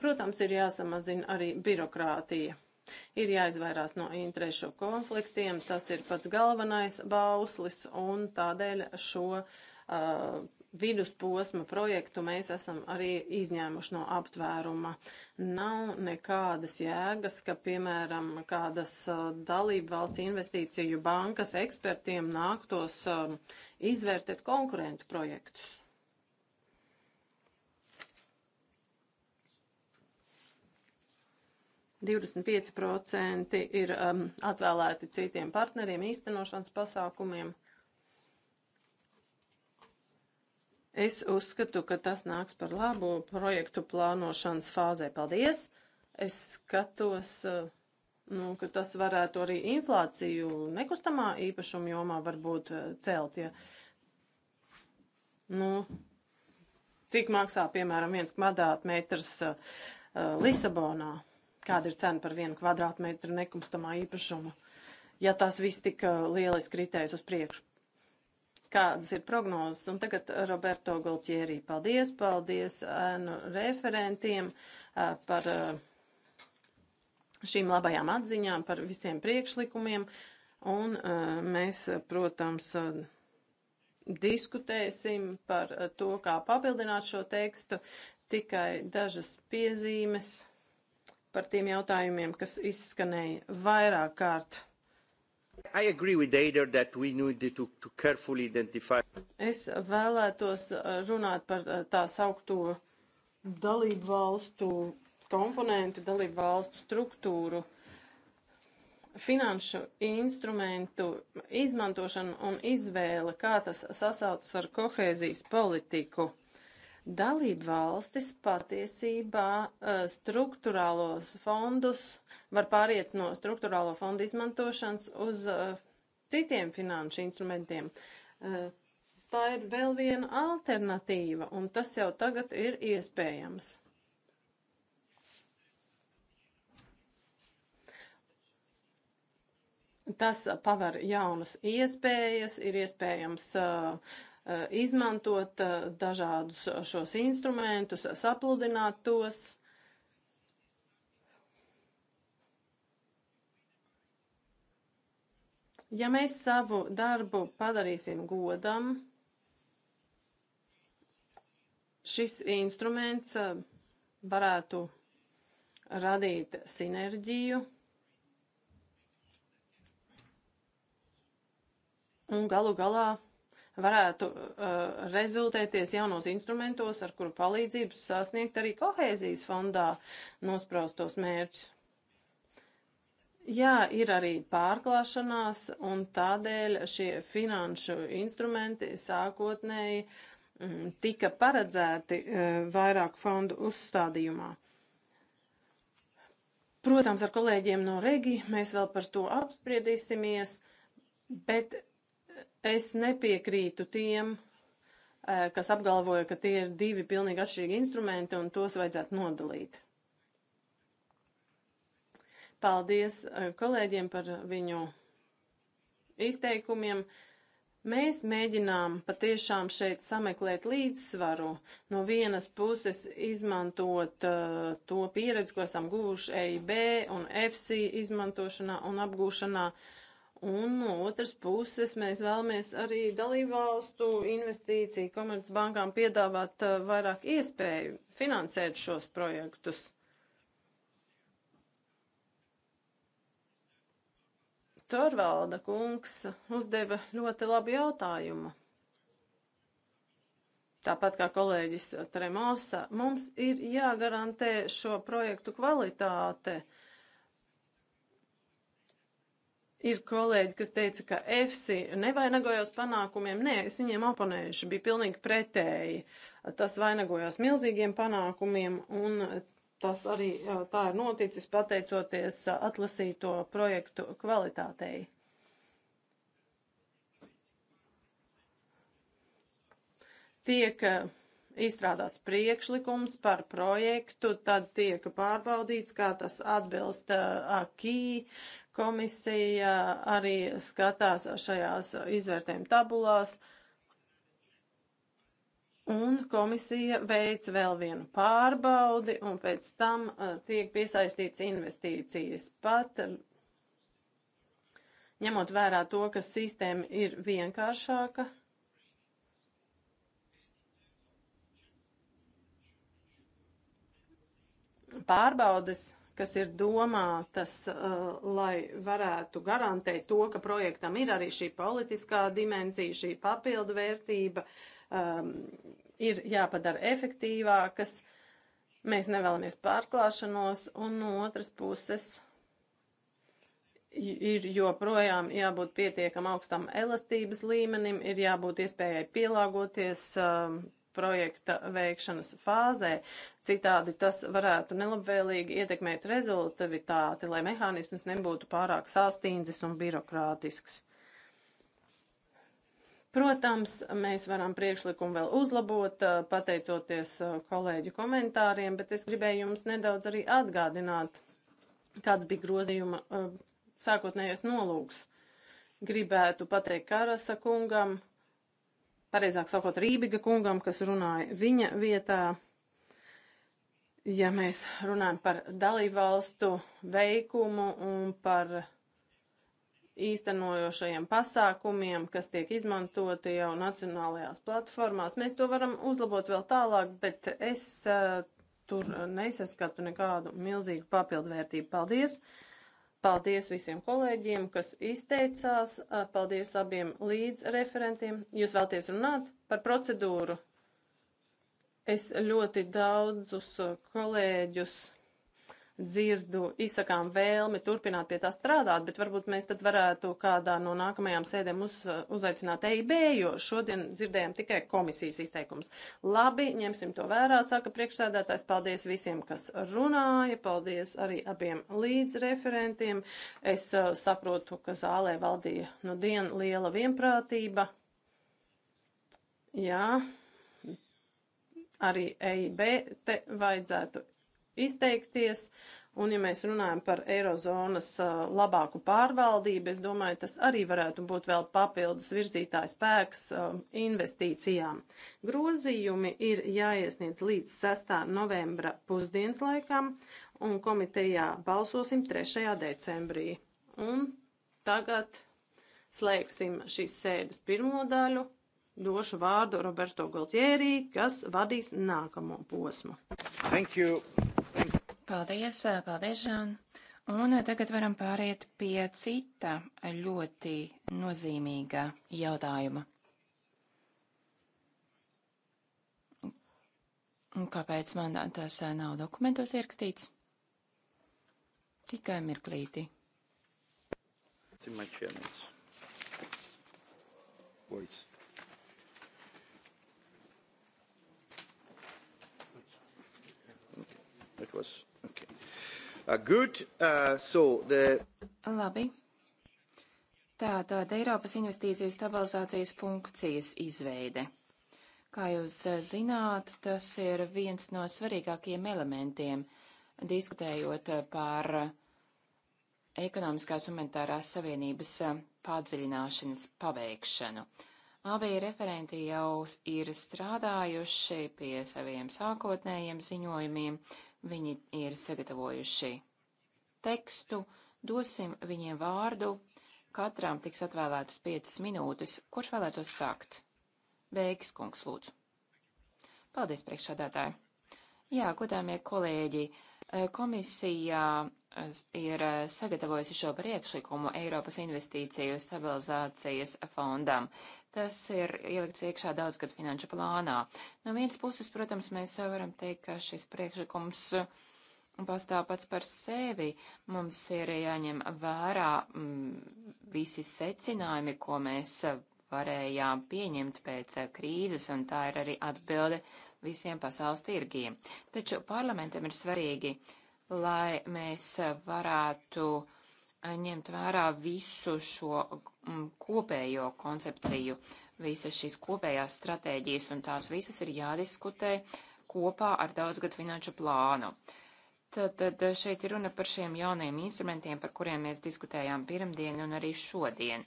Protams, ir jāsamazina arī birokrātija. Ir jāizvairās no interešu konfliktiem, tas ir pats galvenais bauslis, un tādēļ šo uh, vidusposma projektu mēs esam arī izņēmuši no aptvēruma. Nav nekādas jēgas, ka, piemēram, kādas dalību valsts investīciju bankas ekspertiem nāktos izvērtēt konkurentu projektus. 25% ir um, atvēlēti citiem partneriem, īstenošanas pasākumiem. Es uzskatu, ka tas nāks par labu projektu plānošanas fāzē. Paldies! Es skatos, uh, nu, ka tas varētu arī inflāciju nekustamā īpašuma jomā varbūt uh, celt, ja, nu, cik maksā, piemēram, viens kvadrātmetrs uh, uh Lisabonā kāda ir cena par vienu kvadrātmetru nekustamā īpašuma, ja tās viss tik uh, lielais kritējs uz priekšu. Kādas ir prognozes? Un tagad Roberto Goltieri, paldies, paldies nu, referentiem uh, par uh, šīm labajām atziņām, par visiem priekšlikumiem. Un mēs, protams, diskutēsim par to, kā papildināt šo tekstu. Tikai dažas piezīmes par tiem jautājumiem, kas izskanēja vairāk kārt. To, to es vēlētos uh, runāt par uh, tā saukto dalību valstu komponentu, dalību valstu struktūru finanšu instrumentu izmantošana un izvēle, kā tas sasaucas ar kohēzijas politiku. Dalība valstis patiesībā eh, struktūrālos fondus var pāriet no struktūrālo fondu izmantošanas uz eh, citiem finanšu instrumentiem. Eh, tā ir vēl viena alternatīva, un tas jau tagad ir iespējams. Tas paver jaunas iespējas, ir iespējams uh, Eh, izmantot eh, dažādus šos instrumentus, sapludināt tos. Ja mēs savu darbu padarīsim godam, šis instruments eh, varētu radīt sinerģiju un galu galā varētu uh, rezultēties jaunos instrumentos, ar kuru palīdzību sasniegt arī kohēzijas fondā nospraustos mērķus. Jā, ir arī pārklāšanās, un tādēļ šie finanšu instrumenti sākotnēji m, mm, tika paredzēti uh, vairāku fondu uzstādījumā. Protams, ar kolēģiem no Regi mēs vēl par to apspriedīsimies, bet Es nepiekrītu tiem, eh, kas apgalvoja, ka tie ir divi pilnīgi atšķirīgi instrumenti un tos vajadzētu nodalīt. Paldies eh, kolēģiem par viņu izteikumiem. Mēs mēģinām patiešām šeit sameklēt līdzsvaru. No vienas puses izmantot uh, to pieredzi, ko esam guvuši EIB un FC izmantošanā un apgūšanā. Uh, Un no otras puses mēs vēlamies arī dalībvalstu investīciju komercbankām piedāvāt eh, vairāk iespēju finansēt šos projektus. Torvalda kungs uzdeva ļoti labu jautājumu. Tāpat kā kolēģis Tremosa, mums ir jāgarantē šo projektu kvalitāte. Uh, Ir kolēģi, kas teica, ka EFSI nevainagojās panākumiem. Nē, es viņiem oponējuši, bija pilnīgi pretēji. Tas vainagojās milzīgiem panākumiem, un tas arī tā ir noticis pateicoties atlasīto projektu kvalitātei. Tiek izstrādāts priekšlikums par projektu, tad tiek pārbaudīts, kā tas atbilst akī, Komisija arī skatās šajās izvērtējuma tabulās. Un komisija veic vēl vienu pārbaudi, un pēc tam uh, tiek piesaistīts investīcijas. Pat uh, ņemot vērā to, ka sistēma ir vienkāršāka, pārbaudes kas ir domātas, uh, lai varētu garantēt to, ka projektam ir arī šī politiskā dimensija, šī papildu vērtība, um, ir jāpadara efektīvākas. Mēs nevēlamies pārklāšanos, un no otras puses ir joprojām jābūt pietiekam augstam elastības līmenim, ir jābūt iespējai pielāgoties um, projekta veikšanas fāzē, citādi tas varētu nelabvēlīgi ietekmēt rezultavitāti, lai mehānisms nebūtu pārāk sāstīndzis un birokrātisks. Protams, mēs varam priekšlikumu vēl uzlabot, pateicoties kolēģu komentāriem, bet es gribēju jums nedaudz arī atgādināt, kāds bija grozījuma sākotnējais nolūks. Gribētu pateikt Karasa kungam, pareizāk sakot, Rībiga kungam, kas runāja viņa vietā. Ja mēs runājam par dalībvalstu veikumu un par īstenojošajiem pasākumiem, kas tiek izmantoti jau nacionālajās platformās, mēs to varam uzlabot vēl tālāk, bet es uh, tur nesaskatu nekādu milzīgu papildvērtību. Paldies! Uh, Paldies visiem kolēģiem, kas izteicās. Paldies abiem līdzreferentiem. Jūs vēlties runāt par procedūru? Es ļoti daudzus kolēģus dzirdu, izsakām vēlmi turpināt pie tā strādāt, bet varbūt mēs tad varētu kādā no nākamajām sēdēm uz, uzaicināt EIB, jo šodien dzirdējām tikai komisijas izteikums. Labi, ņemsim to vērā, saka priekšsēdētājs. Paldies visiem, kas runāja, paldies arī abiem līdzreferentiem. Es uh, saprotu, ka zālē valdīja nu diena liela vienprātība. Jā, arī EIB te vajadzētu izteikties. Un, ja mēs runājam par Eirozonas uh, labāku pārvaldību, es domāju, tas arī varētu būt vēl papildus virzītājs spēks um, investīcijām. Grozījumi ir jāiesniedz līdz 6. novembra pusdienas laikam, un komitejā balsosim 3. decembrī. Un tagad slēgsim šīs sēdes pirmo daļu. Došu vārdu Roberto Galtjērī, kas vadīs nākamo posmu. Thank you. Paldies, paldies, Žan. Un tagad varam pāriet pie cita ļoti nozīmīga jautājuma. Kāpēc man tas nav dokumentos ierakstīts? Tikai mirklīti. Voice. It was Uh, good, uh, so the... Labi. Tātad Eiropas investīcijas stabilizācijas funkcijas izveide. Kā jūs uh, zināt, tas ir viens no svarīgākajiem elementiem, diskutējot uh, par ekonomiskās un monetārās savienības uh, padziļināšanas paveikšanu. Abi referenti jau ir strādājuši pie saviem sākotnējiem ziņojumiem, Viņi ir sagatavojuši tekstu, dosim viņiem vārdu, katram tiks atvēlētas 5 minūtes, kurš vēlētos sākt. Beigas kungs, lūdzu. Paldies, priekšsādātāji. Jā, godāmie kolēģi, eh, komisija eh, ir eh, sagatavojusi šo priekšlikumu Eiropas investīciju stabilizācijas fondam. Tas ir ielikts iekšā daudzgad finanšu plānā. No vienas puses, protams, mēs varam teikt, ka šis priekšlikums pastāv pats par sevi. Mums ir jāņem vērā m, mm, visi secinājumi, ko mēs varējām pieņemt pēc krīzes, un tā ir arī atbilde visiem pasaules tirgiem. Taču parlamentam ir svarīgi, lai mēs varētu uh, ņemt vērā visu šo mm, kopējo koncepciju, visas šīs kopējās stratēģijas, un tās visas ir jādiskutē kopā ar daudzgad finanšu plānu. Tad, tad šeit ir runa par šiem jaunajiem instrumentiem, par kuriem mēs diskutējām pirmdien un arī šodien.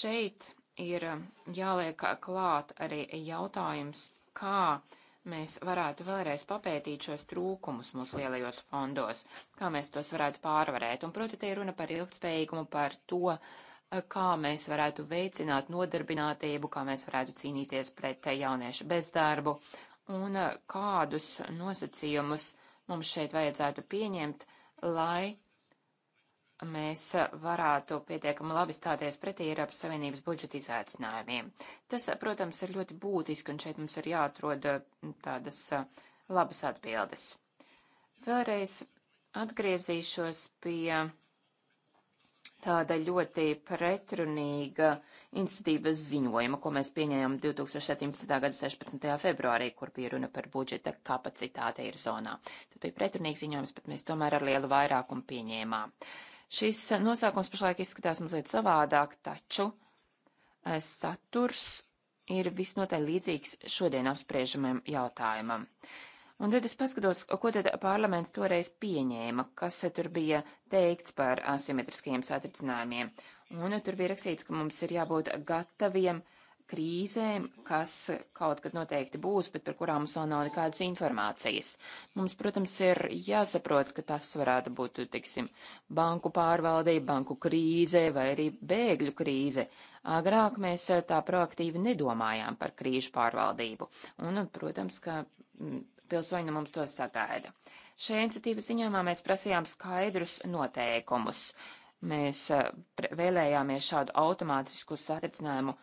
Šeit ir mm, jāliek klāt arī jautājums, kā uh, mēs varētu vēlreiz papētīt šos trūkumus mūsu lielajos fondos, kā mēs tos varētu pārvarēt. Un, proti, te ir runa par ilgspējīgumu, par to, kā mēs varētu veicināt nodarbinātību, kā mēs varētu cīnīties pret jauniešu bezdarbu un kādus nosacījumus mums šeit vajadzētu pieņemt, lai mēs varētu pietiekami labi stāties pretī Eiropas Savienības budžeta izaicinājumiem. Tas, protams, ir ļoti būtiski, un šeit mums ir jāatrod tādas labas atbildes. Vēlreiz atgriezīšos pie tāda ļoti pretrunīga institīvas ziņojuma, ko mēs pieņēmām 2017. gada 16. februārī, kur bija runa par budžeta kapacitāti Eirozonā. Tas bija pretrunīgs ziņojums, bet mēs tomēr ar lielu vairākumu pieņēmām. Uh, Šis nosaukums pašlaik izskatās mazliet savādāk, taču eh, saturs ir visnotaļ līdzīgs šodien apspriežamajam jautājumam. Un tad es paskatos, ko tad parlaments toreiz pieņēma, kas tur bija teikts par asimetriskajiem satricinājumiem. Un tur bija rakstīts, ka mums ir jābūt gataviem uh, krīzēm, kas kaut kad noteikti būs, bet par kurām mums vēl nav nekādas informācijas. Mums, protams, ir jāsaprot, ka tas varētu būt, teiksim, banku pārvaldība, banku krīze vai arī bēgļu krīze. Agrāk mēs eh, tā proaktīvi nedomājām par krīžu pārvaldību. Un, protams, ka mm, pilsoņi no mums to sagaida. Šajā iniciatīvas ziņāmā mēs prasījām skaidrus noteikumus. Mēs eh, vēlējāmies šādu automātisku satricinājumu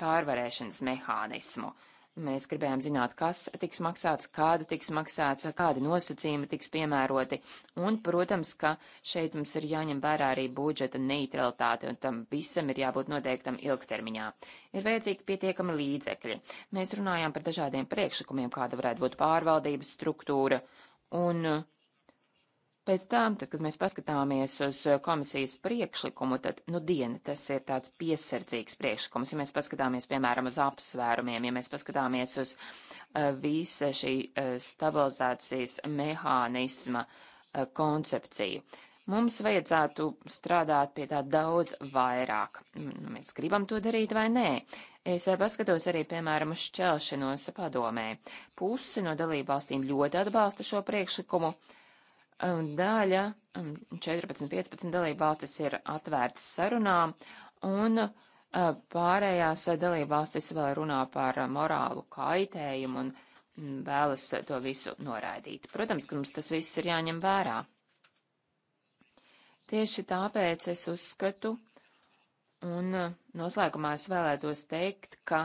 pārvarēšanas mehānismu. Mēs gribējām zināt, kas tiks maksāts, kāda tiks maksāts, kādi nosacījumi tiks piemēroti, un, protams, ka šeit mums ir jāņem vērā arī budžeta neutralitāte, un tam visam ir jābūt noteiktam ilgtermiņā. Ir vajadzīgi pietiekami līdzekļi. Mēs runājām par dažādiem priekšlikumiem, kāda varētu būt pārvaldības struktūra, un Pēc tam, tad, kad mēs paskatāmies uz eh, komisijas priekšlikumu, tad, nu, diena, tas ir tāds piesardzīgs priekšlikums. Ja mēs paskatāmies, piemēram, uz apsvērumiem, ja mēs paskatāmies uz uh, visa šī uh, stabilizācijas mehānisma uh, koncepciju, mums vajadzētu strādāt pie tā daudz vairāk. Mm, nu, mēs gribam to darīt vai nē. Es paskatos arī, piemēram, uz šķelšanos padomē. Pusi no dalībvalstīm ļoti atbalsta šo priekšlikumu. Uh, Um, daļa, 14-15 dalība valstis ir atvērtas sarunām, un uh, pārējās dalība valstis vēl runā par uh, morālu kaitējumu un mm, vēlas to visu noraidīt. Protams, ka mums tas viss ir jāņem vērā. Tieši tāpēc es uzskatu, un uh, noslēgumā es vēlētos teikt, ka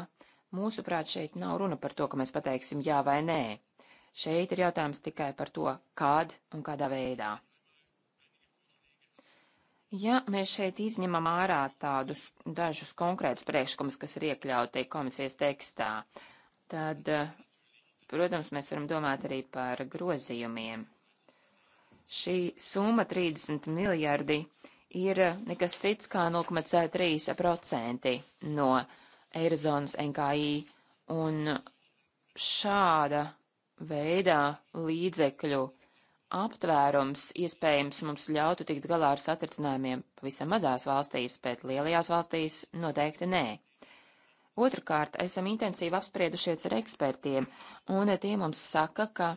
mūsuprāt šeit nav runa par to, ka mēs pateiksim jā vai nē. Šeit ir jautājums tikai par to, kād un kādā veidā. Ja mēs šeit izņemam ārā tādus dažus konkrētus priekšlikumus, kas ir iekļauti komisijas tekstā, tad, protams, mēs varam domāt arī par grozījumiem. Šī summa 30 miljardi ir nekas cits kā 0,3% no Eirozonas NKI, un šāda veidā līdzekļu aptvērums iespējams mums ļautu tikt galā ar satricinājumiem pavisam mazās valstīs, bet lielajās valstīs noteikti nē. Otrakārt, esam intensīvi apspriedušies ar ekspertiem, un tie mums saka, ka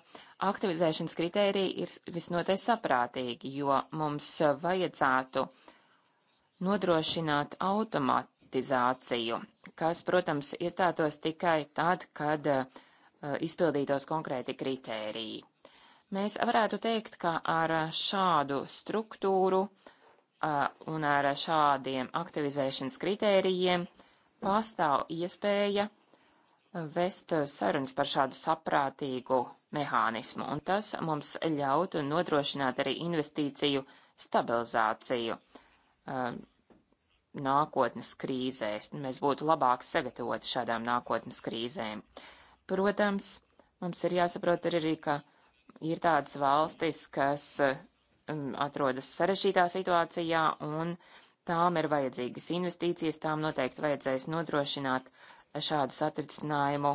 aktivizēšanas kritērija ir visnotaļ saprātīgi, jo mums vajadzētu nodrošināt automatizāciju, kas, protams, iestātos tikai tad, kad uh, Eh, izpildītos konkrēti kritēriji. Mēs varētu teikt, ka ar šādu struktūru eh, un ar šādiem aktivizēšanas kritērijiem pastāv iespēja vest sarunas par šādu saprātīgu mehānismu, un tas mums ļautu nodrošināt arī investīciju stabilizāciju eh, nākotnes krīzēs. Mēs būtu labāk sagatavoti šādām nākotnes krīzēm. Uh, Protams, mums ir jāsaprot arī, ka ir tādas valstis, kas um, atrodas sarežģītā situācijā un tām ir vajadzīgas investīcijas, tām noteikti vajadzēs nodrošināt šādu satricinājumu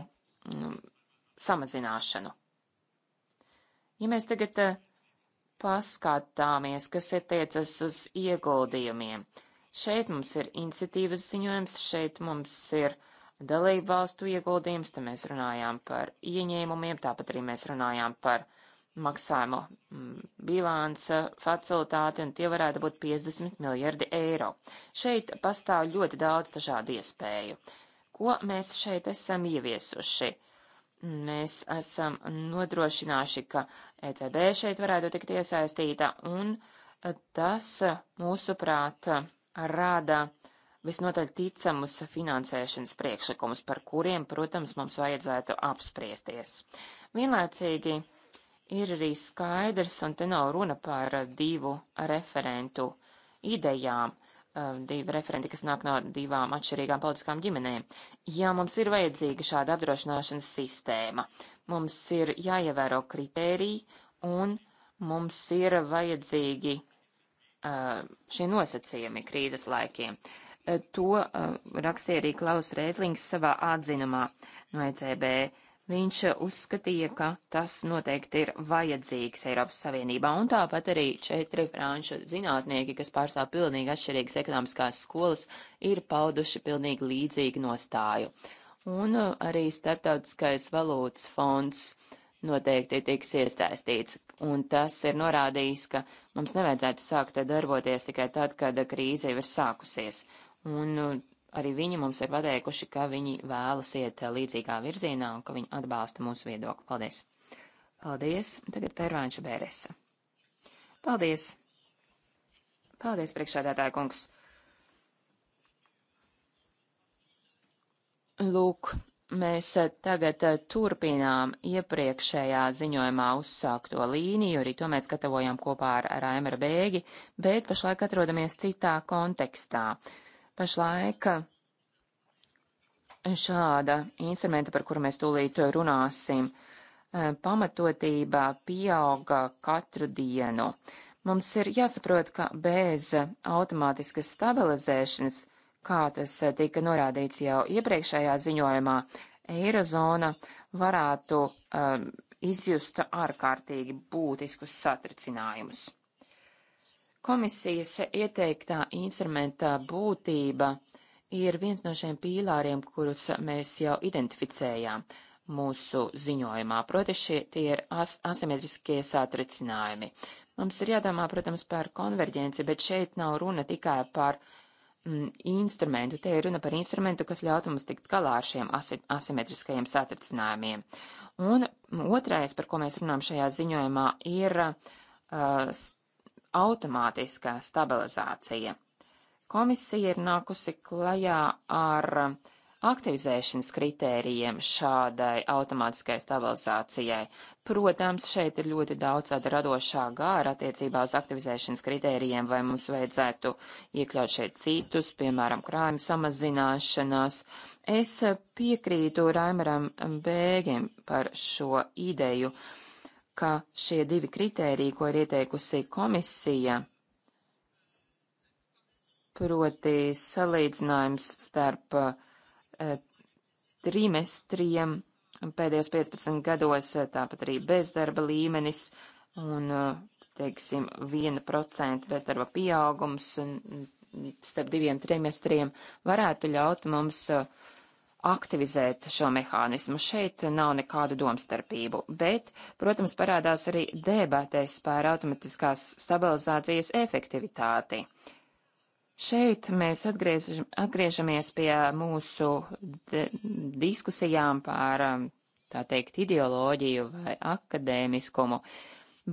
mm, samazināšanu. Ja mēs tagad uh, paskatāmies, kas attiecas uz ieguldījumiem, šeit mums ir iniciatīvas ziņojums, šeit mums ir uh, dalību valstu ieguldījums, te mēs runājām par ieņēmumiem, tāpat arī mēs runājām par maksājumu mm, bilānsa facilitāti, un tie varētu būt 50 miljardi eiro. Šeit pastāv ļoti daudz dažādu iespēju. Ko mēs šeit esam ieviesuši? Mēs esam nodrošinājuši, ka ECB šeit varētu tikt iesaistīta, un tas, mūsuprāt, rada uh, visnotaļ ticamus finansēšanas priekšlikumus, par kuriem, protams, mums vajadzētu apspriesties. Vienlaicīgi ir arī skaidrs, un te nav runa par divu referentu idejām, um, divi referenti, kas nāk no divām atšķirīgām politiskām ģimenēm. Jā, mums ir vajadzīga šāda apdrošināšanas sistēma. Mums ir jāievēro kritēriji, un mums ir vajadzīgi uh, šie nosacījumi krīzes laikiem. To uh, rakstīja arī Klaus Rētlings savā atzinumā no ECB. Viņš uh, uzskatīja, ka tas noteikti ir vajadzīgs Eiropas Savienībā, un tāpat arī četri franču zinātnieki, kas pārstāv pilnīgi atšķirīgas ekonomiskās skolas, ir pauduši pilnīgi līdzīgu nostāju. Un uh, arī Startautiskais valūtas fonds noteikti tiks iesaistīts. Un tas ir norādījis, ka mums nevajadzētu sākt darboties tikai tad, kad krīze jau ir sākusies un uh, arī viņi mums ir pateikuši, ka viņi vēlas iet uh, līdzīgā virzienā un ka viņi atbalsta mūsu viedokli. Paldies! Paldies! Tagad Pērvāņša Bēresa. Paldies! Paldies, priekšādātāja kungs! Lūk, mēs uh, tagad turpinām iepriekšējā ziņojumā uzsākto līniju, arī to mēs gatavojām kopā ar Raimera Bēgi, bet pašlaik atrodamies citā kontekstā. Pašlaik eh, šāda instrumenta, par kuru mēs tūlīt runāsim, eh, pamatotībā pieauga katru dienu. Mums ir jāsaprot, ka bez automātiskas stabilizēšanas, kā tas tika norādīts jau iepriekšējā ziņojumā, Eirozona varētu um, izjust ārkārtīgi būtiskus satricinājumus. Komisijas ieteiktā instrumenta būtība ir viens no šiem pīlāriem, kurus mēs jau identificējām mūsu ziņojumā, proti šie tie ir as asimetriskie satricinājumi. Mums ir jādomā, protams, par konverģenci, bet šeit nav runa tikai par mm, instrumentu, te ir runa par instrumentu, kas ļautu mums tikt galā ar šiem asi asimetriskajiem satricinājumiem. Un otrais, par ko mēs runājam šajā ziņojumā, ir uh, automātiskā stabilizācija. Komisija ir nākusi klajā ar aktivizēšanas kritērijiem šādai automātiskai stabilizācijai. Protams, šeit ir ļoti daudz tāda radošā gāra attiecībā uz aktivizēšanas kritērijiem, vai mums vajadzētu iekļaut šeit citus, piemēram, krājumu samazināšanās. Es piekrītu Raimaram Bēgiem par šo ideju. Uh, ka šie divi kritēriji, ko ir ieteikusi komisija, proti salīdzinājums starp e, trimestriem pēdējos 15 gados, eh, tāpat arī bezdarba līmenis un, eh, teiksim, 1% bezdarba pieaugums starp diviem trimestriem varētu ļaut mums uh, aktivizēt šo mehānismu. Šeit nav nekādu domstarpību, bet, protams, parādās arī debatēs pār automatiskās stabilizācijas efektivitāti. Šeit mēs atgriež, atgriežamies pie mūsu diskusijām par, tā teikt, ideoloģiju vai akadēmiskumu. Uh,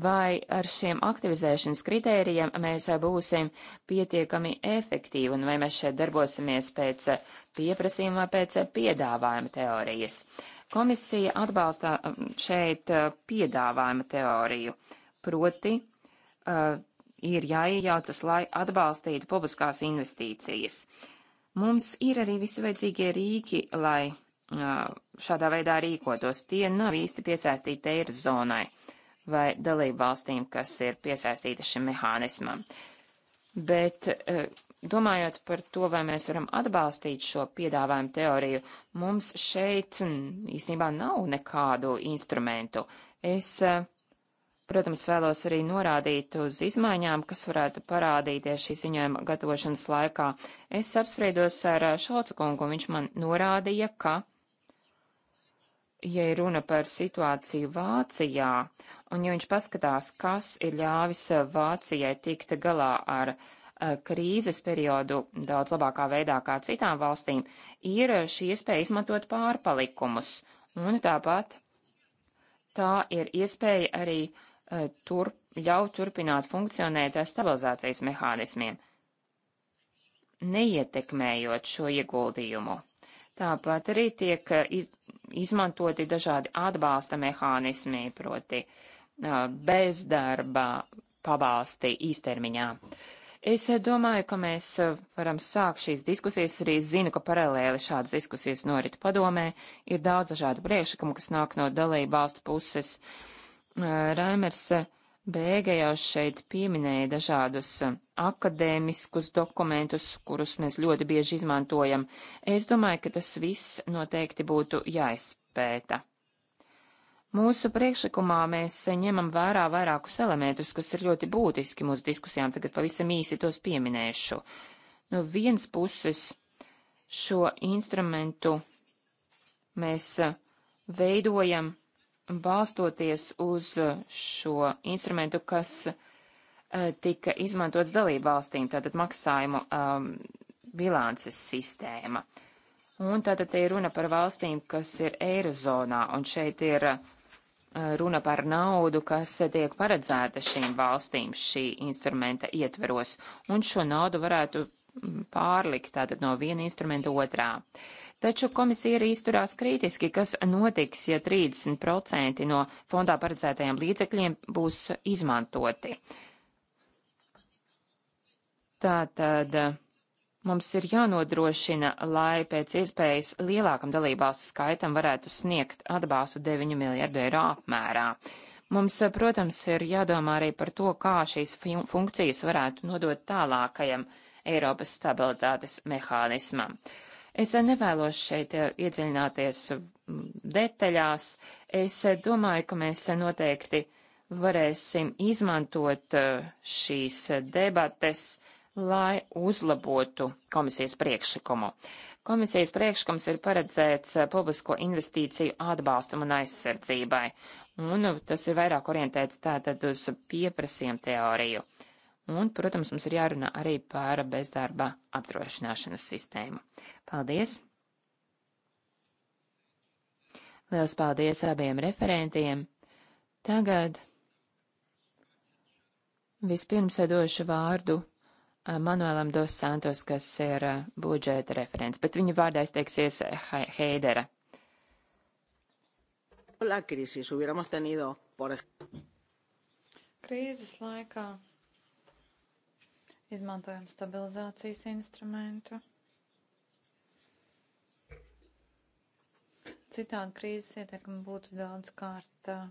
vai ar šiem aktivizēšanas kritērijiem mēs eh, būsim pietiekami efektīvi un vai mēs šeit darbosimies pēc eh, pieprasījuma vai pēc eh, piedāvājuma teorijas. Komisija atbalsta šeit piedāvājuma teoriju, proti uh, ir jāiejaucas, lai atbalstītu publiskās investīcijas. Mums ir arī visi vajadzīgie rīki, lai šādā veidā rīkotos. Tie nav īsti piesaistīti eirozonai. zonai vai dalību valstīm, kas ir piesaistītas šim mehānismam. Bet e, domājot par to, vai mēs varam atbalstīt šo piedāvājumu teoriju, mums šeit mm, īstenībā nav nekādu instrumentu. Es, e, protams, vēlos arī norādīt uz izmaiņām, kas varētu parādīties šī ziņojuma gatavošanas laikā. Es apspriedos ar e, Šolcu kungu, un viņš man norādīja, ka, ja ir runa par situāciju Vācijā Un ja viņš paskatās, kas ir ļāvis eh, Vācijai tikt galā ar eh, krīzes periodu daudz labākā veidā kā citām valstīm, ir eh, šī iespēja izmantot pārpalikumus. Un tāpat tā ir iespēja arī turp, ļauj turpināt funkcionēt ar stabilizācijas mehānismiem, neietekmējot šo ieguldījumu. Tāpat arī tiek iz, izmantoti dažādi atbalsta mehānismi, proti uh, bezdarba pabalsti īstermiņā. Es domāju, ka mēs varam sākt šīs diskusijas. Arī zinu, ka paralēli šādas diskusijas norit padomē. Ir daudz dažādu priekšlikumu, kas nāk no dalību valstu puses. Raimers Bēga jau šeit pieminēja dažādus akadēmiskus dokumentus, kurus mēs ļoti bieži izmantojam. Es domāju, ka tas viss noteikti būtu jāizpēta. Mūsu priekšlikumā mēs ņemam vērā vairākus elementus, kas ir ļoti būtiski mūsu diskusijām, tagad pavisam īsi tos pieminēšu. No vienas puses šo instrumentu mēs eh, veidojam balstoties uz eh, šo instrumentu, kas eh, tika izmantots dalību valstīm, tātad maksājumu um, bilances sistēma. Un tātad te ir runa par valstīm, kas ir Eirozonā, un šeit ir uh, runa par naudu, kas tiek paredzēta šīm valstīm šī instrumenta ietveros, un šo naudu varētu pārlikt tātad no viena instrumenta otrā. Taču komisija arī izturās kritiski, kas notiks, ja 30% no fondā paredzētajiem līdzekļiem būs izmantoti. Tātad. Uh, Mums ir jānodrošina, lai pēc iespējas lielākam dalībvalstu skaitam varētu sniegt atbalstu 9 miljardu eiro apmērā. Mums, protams, ir jādomā arī par to, kā šīs funkcijas varētu nodot tālākajam Eiropas stabilitātes mehānismam. Es nevēlos šeit iedziļināties mm, detaļās. Es domāju, ka mēs noteikti varēsim izmantot eh, šīs debates lai uzlabotu komisijas priekšlikumu. Komisijas priekšlikums ir paredzēts publisko investīciju atbalstam un aizsardzībai, un tas ir vairāk orientēts tātad uz pieprasījumu teoriju. Un, protams, mums ir jārunā arī par bezdarba apdrošināšanas sistēmu. Paldies! Liels paldies abiem referentiem! Tagad vispirms došu vārdu Manuēlam dos Santos, kas ir uh, budžeta referents, bet viņa vārdā izteiksies uh, Heidera. Krīzes laikā izmantojam stabilizācijas instrumentu. Citādi krīzes ietekme būtu daudz kārt uh,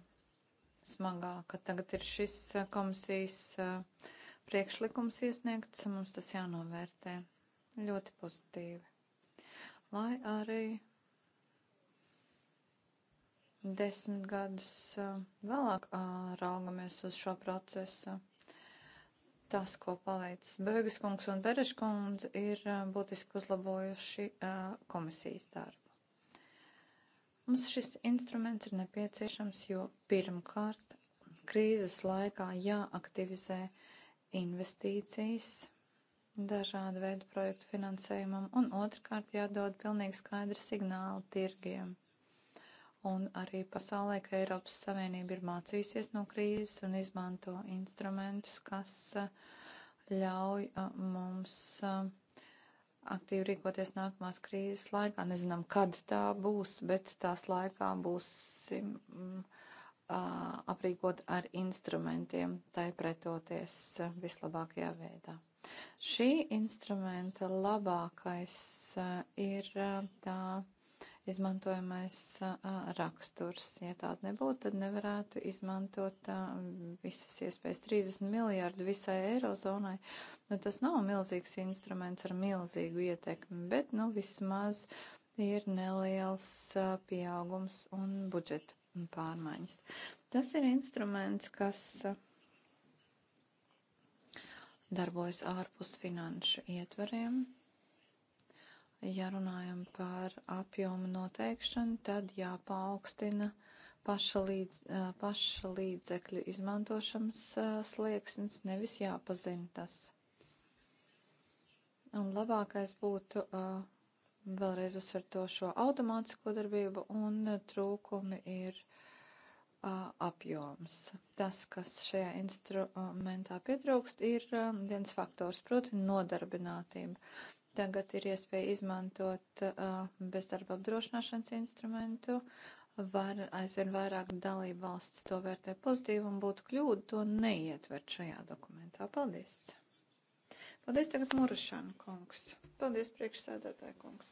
smagāka. Tagad ir šis komisijas uh, priekšlikums iesniegts, mums tas jānovērtē ļoti pozitīvi. Lai arī desmit gadus eh, vēlāk raugamies uz šo procesu, tas, ko paveic Bēgas kungs un Bereškundze, ir būtiski uzlabojuši komisijas darbu. Mums šis instruments ir nepieciešams, jo pirmkārt krīzes laikā jāaktivizē uh, investīcijas dažādu veidu projektu finansējumam, un otrkārt jādod pilnīgi skaidri signāli tirgiem. Un arī pasaulē, ka Eiropas Savienība ir mācījusies no krīzes un izmanto instrumentus, kas uh, ļauj uh, mums uh, aktīvi rīkoties nākamās krīzes laikā. Nezinām, kad tā būs, bet tās laikā būsim. Mm, aprīkot ar instrumentiem, tai pretoties vislabākajā veidā. Šī instrumenta labākais ir tā izmantojamais raksturs. Ja tāda nebūtu, tad nevarētu izmantot visas iespējas 30 miljārdu visai eirozonai. Nu, tas nav milzīgs instruments ar milzīgu ietekmi, bet nu, vismaz ir neliels pieaugums un budžeta un pārmaiņas. Tas ir instruments, kas uh, darbojas ārpus finanšu ietvariem. Ja runājam par apjomu noteikšanu, tad jāpaukstina paša, līdz, uh, paša līdzekļu izmantošanas uh, slieksnis, nevis jāpazina tas. Un labākais būtu uh, vēlreiz uzsver to šo automātisko darbību un eh, trūkumi ir a, apjoms. Tas, kas šajā instrumentā pietrūkst, ir a, viens faktors, proti nodarbinātība. Tagad ir iespēja izmantot a, bezdarba apdrošināšanas instrumentu. Var aizvien vairāk dalību valsts to vērtē pozitīvi un būtu kļūda to neietvert šajā dokumentā. Paldies! Paldies tagad Murašana kungs. Paldies priekšsēdētāja kungs.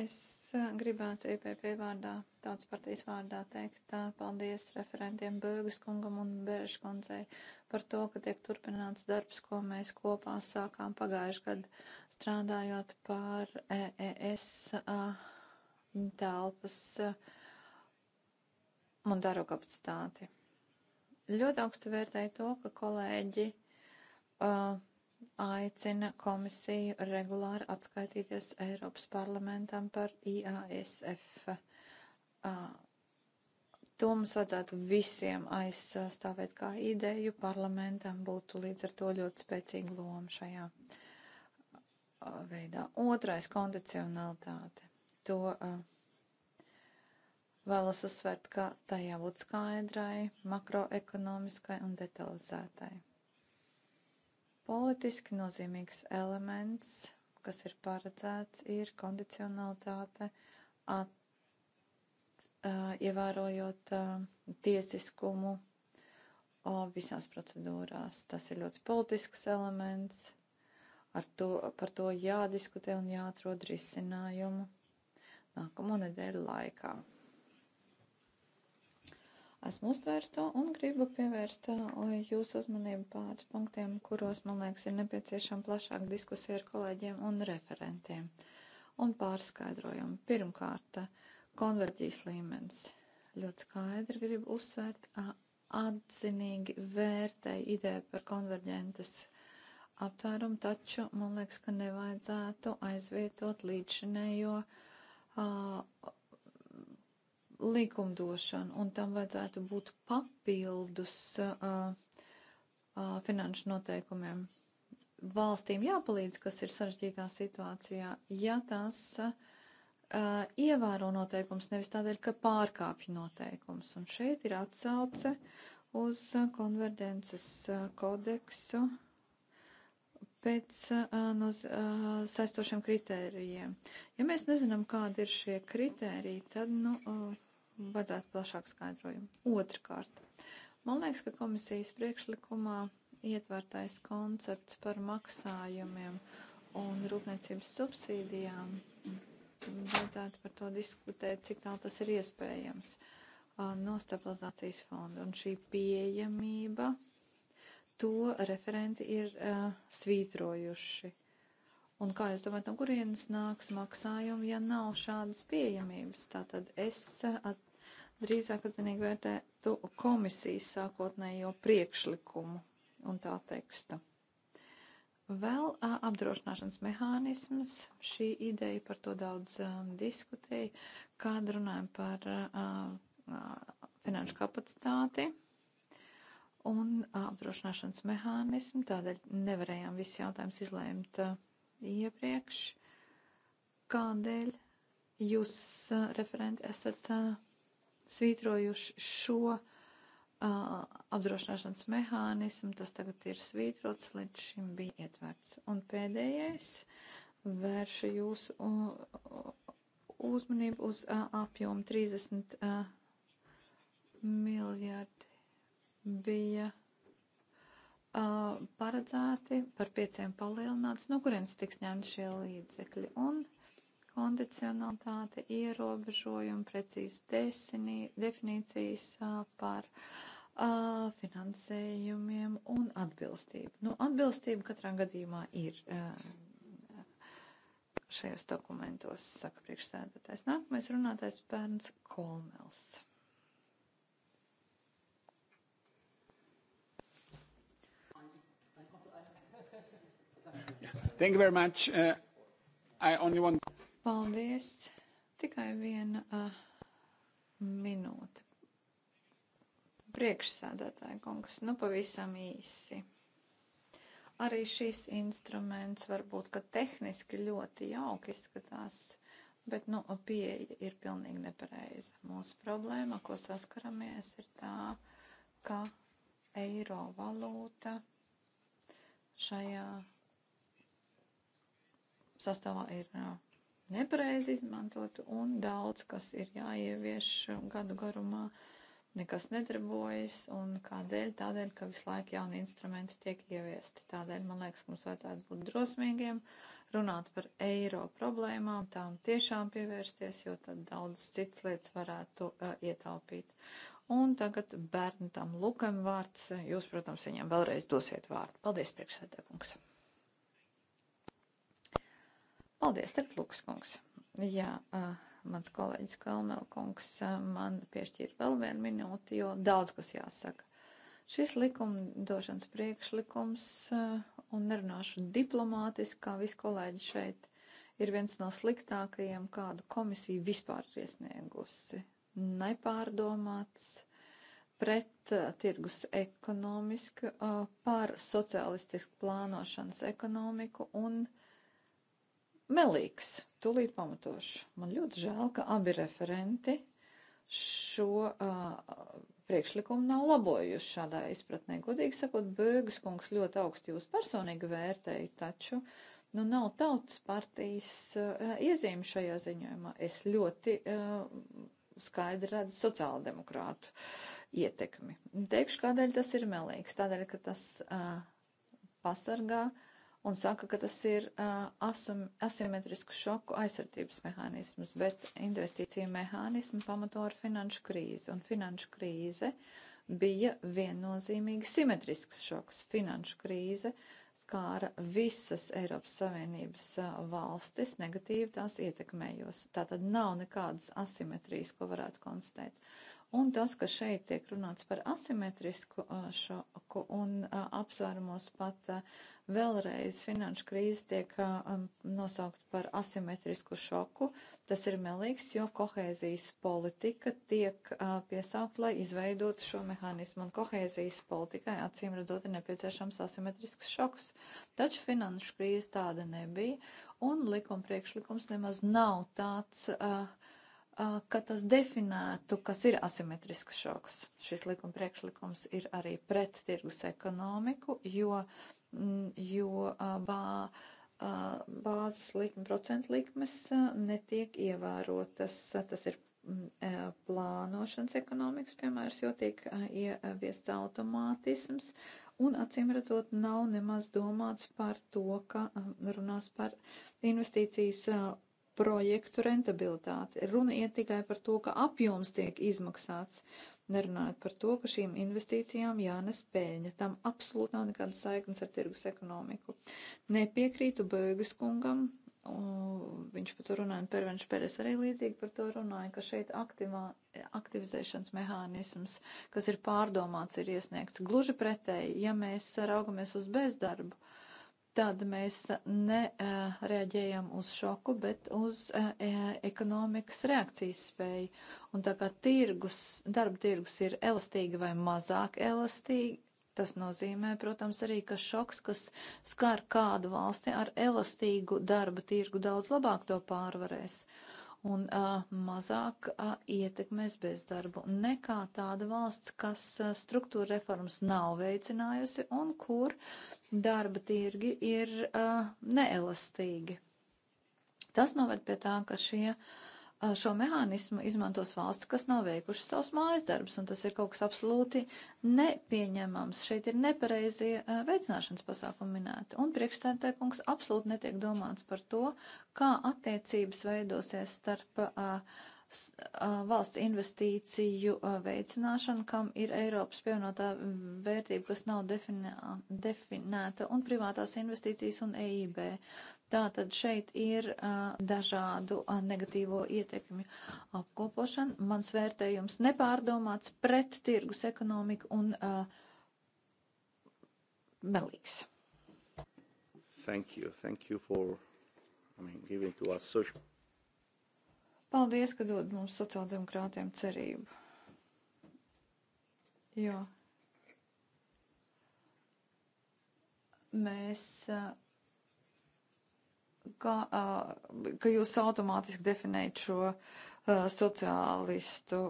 Es eh, gribētu IPP e vārdā, tautas partijas vārdā teikt paldies referentiem Bēgas kungam un Bēreša kundzei par to, ka tiek turpināts darbs, ko mēs kopā sākām pagājuši gadu strādājot pār EES telpas un daru kapacitāti. Ļoti augstu vērtēju to, ka kolēģi. Uh, aicina komisiju regulāri atskaitīties Eiropas parlamentam par IASF. To mums vajadzētu visiem aizstāvēt kā ideju. Parlamentam būtu līdz ar to ļoti spēcīga loma šajā veidā. Otrais - kondicionalitāte. To vēlas uzsvērt, ka tajā būtu skaidrai, makroekonomiskai un detalizētai. Politiski nozīmīgs elements, kas ir paredzēts, ir kondicionalitāte, at, uh, ievērojot uh, tiesiskumu uh, visās procedūrās. Tas ir ļoti politisks elements, ar to, par to jādiskutē un jāatrod risinājumu nākamo nedēļu laikā esmu uztvērs to un gribu pievērst jūsu uzmanību pāris punktiem, kuros, man liekas, ir nepieciešama plašāka diskusija ar kolēģiem un referentiem. Un pārskaidrojumu. Pirmkārt, konverģijas līmenis. Ļoti skaidri gribu uzsvērt, atzinīgi vērtēju ideju par konverģentas aptvērumu, taču man liekas, ka nevajadzētu aizvietot līdzinējo uh, likumdošanu, un tam vajadzētu būt papildus uh, uh, finanšu noteikumiem. Valstīm jāpalīdz, kas ir sarežģītā situācijā, ja tās uh, ievēro noteikums, nevis tādēļ, ka pārkāpj noteikums. Un šeit ir atsauce uz konverģences kodeksu pēc no saistošiem kritērijiem. Ja mēs nezinām, kādi ir šie kritēriji, tad nu, vajadzētu plašāku skaidrojumu. Otrkārt, man liekas, ka komisijas priekšlikumā ietvērtais koncepts par maksājumiem un rūpniecības subsīdijām vajadzētu par to diskutēt, cik tālu tas ir iespējams no stabilizācijas fonda. Un šī pieejamība, to referenti ir uh, svītrojuši. Un kā jūs domājat, no kurienes nāks maksājumi, ja nav šādas pieejamības? Tātad es at, drīzāk atzinīgi vērtētu komisijas sākotnējo priekšlikumu un tā tekstu. Vēl a, apdrošināšanas mehānisms, šī ideja par to daudz a, diskutēja, kad runājam par a, finanšu kapacitāti un apdrošināšanas mehānismu, tādēļ nevarējām visus jautājumus izlēmt iepriekš. Kādēļ jūs referenti esat svītrojuši šo uh, apdrošināšanas mehānismu. Tas tagad ir svītrots, līdz šim bija ietverts. Un pēdējais vērša jūsu uzmanību uz uh, apjomu 30 uh, miljardi bija paredzēti, par pieciem palielināts, no kurienes tiks ņemti šie līdzekļi. Un kondicionalitāte, ierobežojumi, precīzi definīcijas par uh, finansējumiem un atbilstību. Nu, atbilstība katrā gadījumā ir uh, šajos dokumentos, saka priekšsēdētājs. Nākamais runātais bērns Kolmels. Thank you very much. Uh, I only want Paldies. Tikai viena uh, minūte. Priekšsēdētāja kungs, nu pavisam īsi. Arī šis instruments varbūt, ka tehniski ļoti jauki izskatās, bet, nu, pieeja ir pilnīgi nepareiza. Mūsu problēma, ko saskaramies, ir tā, ka eiro valūta šajā sastāvā ir. Uh, nepareizi izmantot un daudz, kas ir jāievieš gadu garumā, nekas nedarbojas un kādēļ? Tādēļ, ka visu laiku jauni instrumenti tiek ieviesti. Tādēļ, man liekas, mums vajadzētu būt drosmīgiem, runāt par eiro problēmām, tām tiešām pievērsties, jo tad daudz citas lietas varētu uh, ietaupīt. Un tagad bērnam Lukam vārds. Jūs, protams, viņam vēlreiz dosiet vārdu. Paldies, priekšsēdētājs. Paldies, tagad Lukas kungs. Jā, uh, mans kolēģis Kalmel kungs uh, man piešķīra vēl vienu minūti, jo daudz kas jāsaka. Šis likumdošanas priekšlikums, uh, un nerunāšu diplomātiski, kā visi kolēģi šeit, ir viens no sliktākajiem, kādu komisija vispār ir iesniegusi. Nepārdomāts pret uh, tirgus ekonomiski, uh, par sociālistisku plānošanas ekonomiku un uh, melīgs. Tūlīt pamatošu. Man ļoti žēl, ka abi referenti šo uh, priekšlikumu nav labojuši šādā izpratnē. Godīgi sakot, Bēgas kungs ļoti augstu jūs personīgi vērtēju, taču nu, nav tautas partijas uh, iezīme šajā ziņojumā. Es ļoti uh, skaidri redzu sociāldemokrātu ietekmi. Teikšu, kādēļ tas ir melīgs. Tādēļ, ka tas uh, pasargā uh, un saka, ka tas ir asimetrisku šoku aizsardzības mehānisms, bet investīcija mehānismi pamato ar finanšu krīzi. Un finanšu krīze bija viennozīmīgi simetrisks šoks. Finanšu krīze skāra visas Eiropas Savienības valstis, negatīvi tās ietekmējos. Tātad nav nekādas asimetrijas, ko varētu konstatēt. Un tas, ka šeit tiek runāts par asimetrisku šoku un apsvērumos pat uh, Vēlreiz finanšu krīze tiek um, nosaukt par asimetrisku šoku. Tas ir melīgs, jo kohēzijas politika tiek uh, piesaukt, lai izveidotu šo mehānismu. Un kohēzijas politikai acīm redzot ir nepieciešams asimetrisks šoks. Taču finanšu krīze tāda nebija, un likuma priekšlikums nemaz nav tāds. Uh, ka tas definētu, kas ir asimetrisks šoks. Šis likuma priekšlikums ir arī pret tirgus ekonomiku, jo Mm, jo bā, bāzes likme, procentu likmes netiek ievērotas. Tas ir mm, plānošanas ekonomikas piemērs, jo tiek ieviests automātisms, un acīm redzot, nav nemaz domāts par to, ka runās par investīcijas projektu rentabilitāti. Runa iet tikai par to, ka apjoms tiek izmaksāts. Uh, nerunājot par to, ka šīm investīcijām jānes pēļņa. Tam absolūti nav nekādas saiknes ar tirgus ekonomiku. Nepiekrītu Bēgas kungam, viņš par to runāja, un Pervenš Peres arī līdzīgi par to runāja, ka šeit aktivā, aktivizēšanas mehānisms, kas ir pārdomāts, ir iesniegts. Gluži pretēji, ja mēs raugamies uz bezdarbu, uh, tad mēs nereaģējam uz šoku, bet uz ekonomikas reakcijas spēju. Un tā kā tirgus, darba tirgus ir elastīgi vai mazāk elastīgi, tas nozīmē, protams, arī, ka šoks, kas skar kādu valsti ar elastīgu darba tirgu, daudz labāk to pārvarēs. Uh, un uh, mazāk uh, ietekmēs bezdarbu nekā tāda valsts, kas uh, struktūra reformas nav veicinājusi un kur darba tirgi ir uh, neelastīgi. Tas noved pie tā, ka šie uh, šo mehānismu izmantos valsts, kas nav veikušas savus mājas darbus, un tas ir kaut kas absolūti nepieņemams. Šeit ir nepareizie uh, veicināšanas pasākumi minēti, un priekšstādātāja kungs absolūti netiek domāts par to, kā attiecības veidosies starp uh, valsts investīciju veicināšanu, kam ir Eiropas pievienotā vērtība, kas nav definē, definēta, un privātās investīcijas un EIB. Tātad šeit ir uh, dažādu uh, negatīvo ietekmju apkopošana. Mans vērtējums nepārdomāts pret tirgus ekonomiku un uh, melīgs. Thank you. Thank you for, I mean, giving to us social. Paldies, ka dod mums sociāldemokrātiem cerību. Jo. Mēs uh, kā, ka jūs automātiski definējat šo sociālistu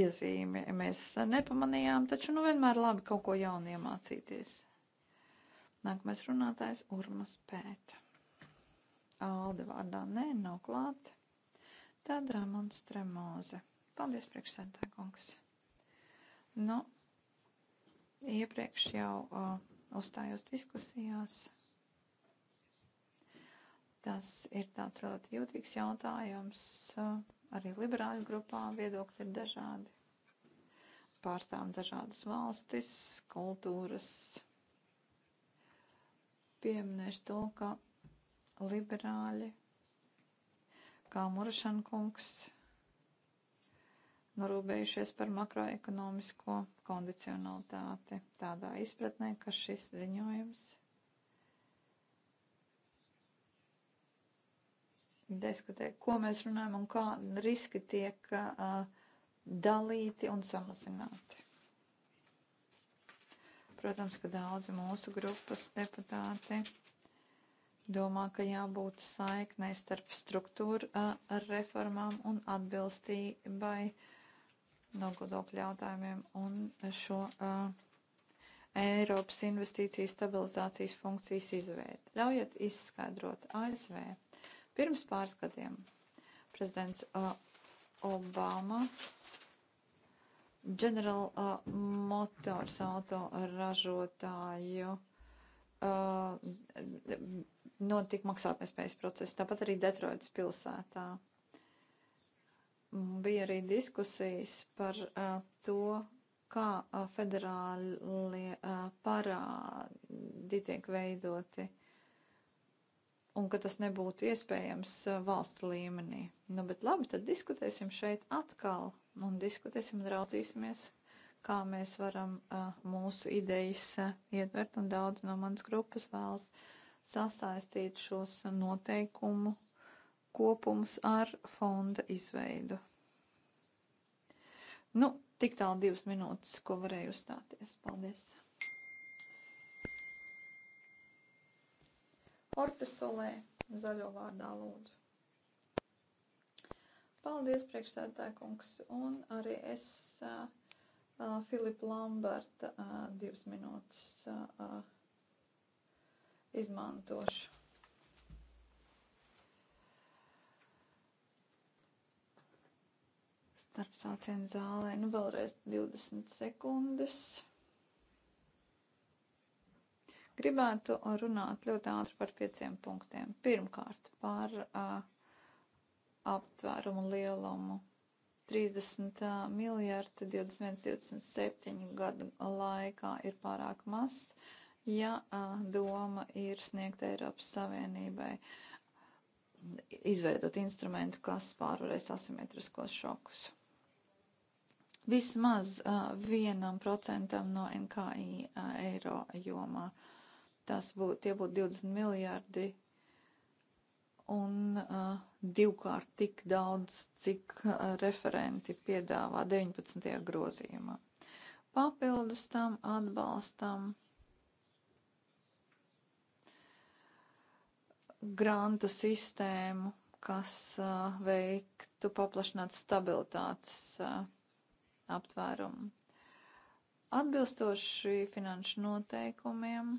iezīmi. Mēs nepamanījām, taču nu vienmēr labi kaut ko jaunu iemācīties. Nākamais runātājs Urmas pēta. Alde vārdā nē, nav klāt. Tad Ramons Tremoze. Paldies, priekšsēdētāj, kungs. Nu, iepriekš jau uh, uzstājos diskusijās Tas ir tāds ļoti jūtīgs jautājums. Arī liberāļu grupā viedokļi ir dažādi. Pārstāvam dažādas valstis, kultūras. Pieminēšu to, ka liberāļi, kā Murašankungs, norūpējušies par makroekonomisko kondicionalitāti tādā izpratnē, ka šis ziņojums – diskutē, ko mēs runājam un kā riski tiek uh, dalīti un samazināti. Protams, ka daudzi mūsu grupas deputāti domā, ka jābūt saiknei starp struktūru uh, reformām un atbilstībai nogodokļu jautājumiem un šo uh, Eiropas investīciju stabilizācijas funkcijas izveidi. Ļaujiet izskaidrot ASV Pirms pāris gadiem prezidents uh, Obama General uh, Motors auto ražotāju uh, notika maksātnespējas process, tāpat arī Detroitas pilsētā. Mm, bija arī diskusijas par uh, to, kā uh, federālie uh, parādi tiek veidoti. Uh, un ka tas nebūtu iespējams valsts līmenī. Nu, bet labi, tad diskutēsim šeit atkal un diskutēsim un raudzīsimies, kā mēs varam uh, mūsu idejas uh, ietvert, un daudz no manas grupas vēlas sasaistīt šos noteikumu kopumus ar fonda izveidu. Nu, tik tālu divas minūtes, ko varēju uzstāties. Paldies! Ortesolē, zaļo vārdā lūdzu. Paldies, priekšsēdētāji kungs, un arī es, uh, uh, Filipa Lamberta, uh, divas minūtes uh, uh, izmantošu. Starp sācienu zālē, nu vēlreiz 20 sekundes. Gribētu runāt ļoti ātri par pieciem punktiem. Pirmkārt, par uh, aptvērumu lielumu. 30 miljardi 21, 27 gadu laikā ir pārāk maz, ja uh, doma ir sniegt Eiropas Savienībai izveidot instrumentu, kas pārvarēs asimetriskos šokus. Vismaz uh, vienam procentam no NKI uh, eiro jomā. Uh, Tas būtu, tie būtu 20 miljārdi un uh, divkārt tik daudz, cik uh, referenti piedāvā 19. grozījumā. Papildus tam atbalstam grantu sistēmu, kas uh, veiktu paplašināt stabilitātes uh, aptvērumu. Atbilstoši finanšu noteikumiem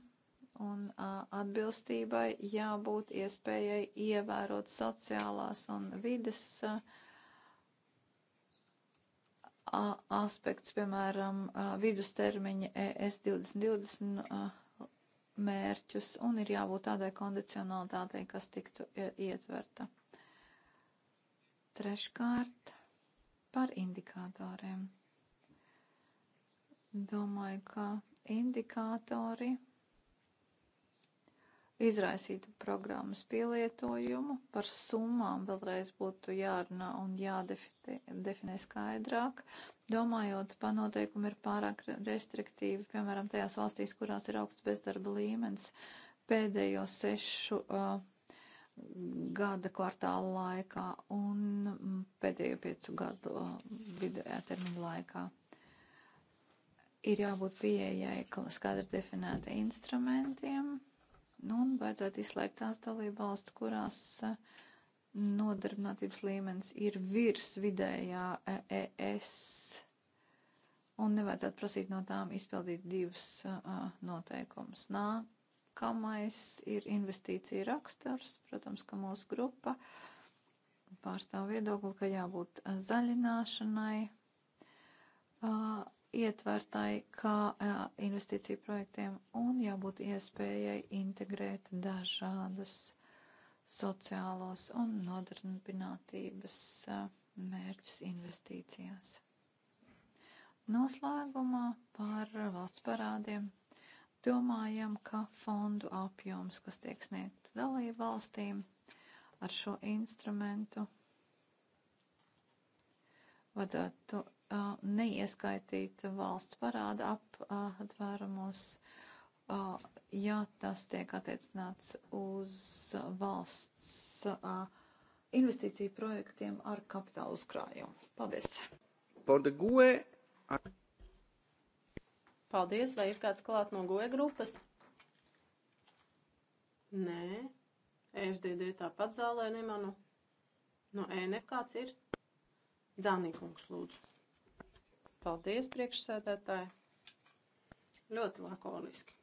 un uh, atbilstībai jābūt iespējai ievērot sociālās un vides uh, aspekts, piemēram, uh, vidustermiņa ES 2020 uh, mērķus, un ir jābūt tādai kondicionalitātei, kas tiktu ietverta. Treškārt, par indikatoriem. Domāju, ka indikatori izraisītu programmas pielietojumu. Par summām vēlreiz būtu jārunā un jādefinē skaidrāk. Domājot, pa noteikumi ir pārāk restriktīvi, piemēram, tajās valstīs, kurās ir augsts bezdarba līmenis pēdējo sešu uh, gada kvartāla laikā un pēdējo piecu gadu uh, vidējā termiņa laikā. Ir jābūt pieejai skaidri definēta instrumentiem, Nu, un vajadzētu izslēgt tās dalību valsts, kurās eh, nodarbinātības līmenis ir virs vidējā ES. Eh, e un nevajadzētu prasīt no tām izpildīt divus eh, noteikumus. Nākamais ir investīcija raksturs. Protams, ka mūsu grupa pārstāv viedokli, ka jābūt zaļināšanai ietvertai kā investīciju projektiem un jābūt iespējai integrēt dažādus sociālos un nodarbinātības mērķus investīcijās. Noslēgumā par valsts parādiem. Domājam, ka fondu apjoms, kas tiek sniegts dalību valstīm ar šo instrumentu, vajadzētu neieskaitīt valsts parāda aptvērumos, ja tas tiek attiecināts uz valsts investīciju projektiem ar kapitālu uzkrājumu. Paldies! Paldies, vai ir kāds klāt no goja grupas? Nē, FDD tāpat zālē nemanu. No ENF kāds ir? Dzānīkungs, lūdzu. Paldies, priekšsēdētāji. Ļoti lakoniski.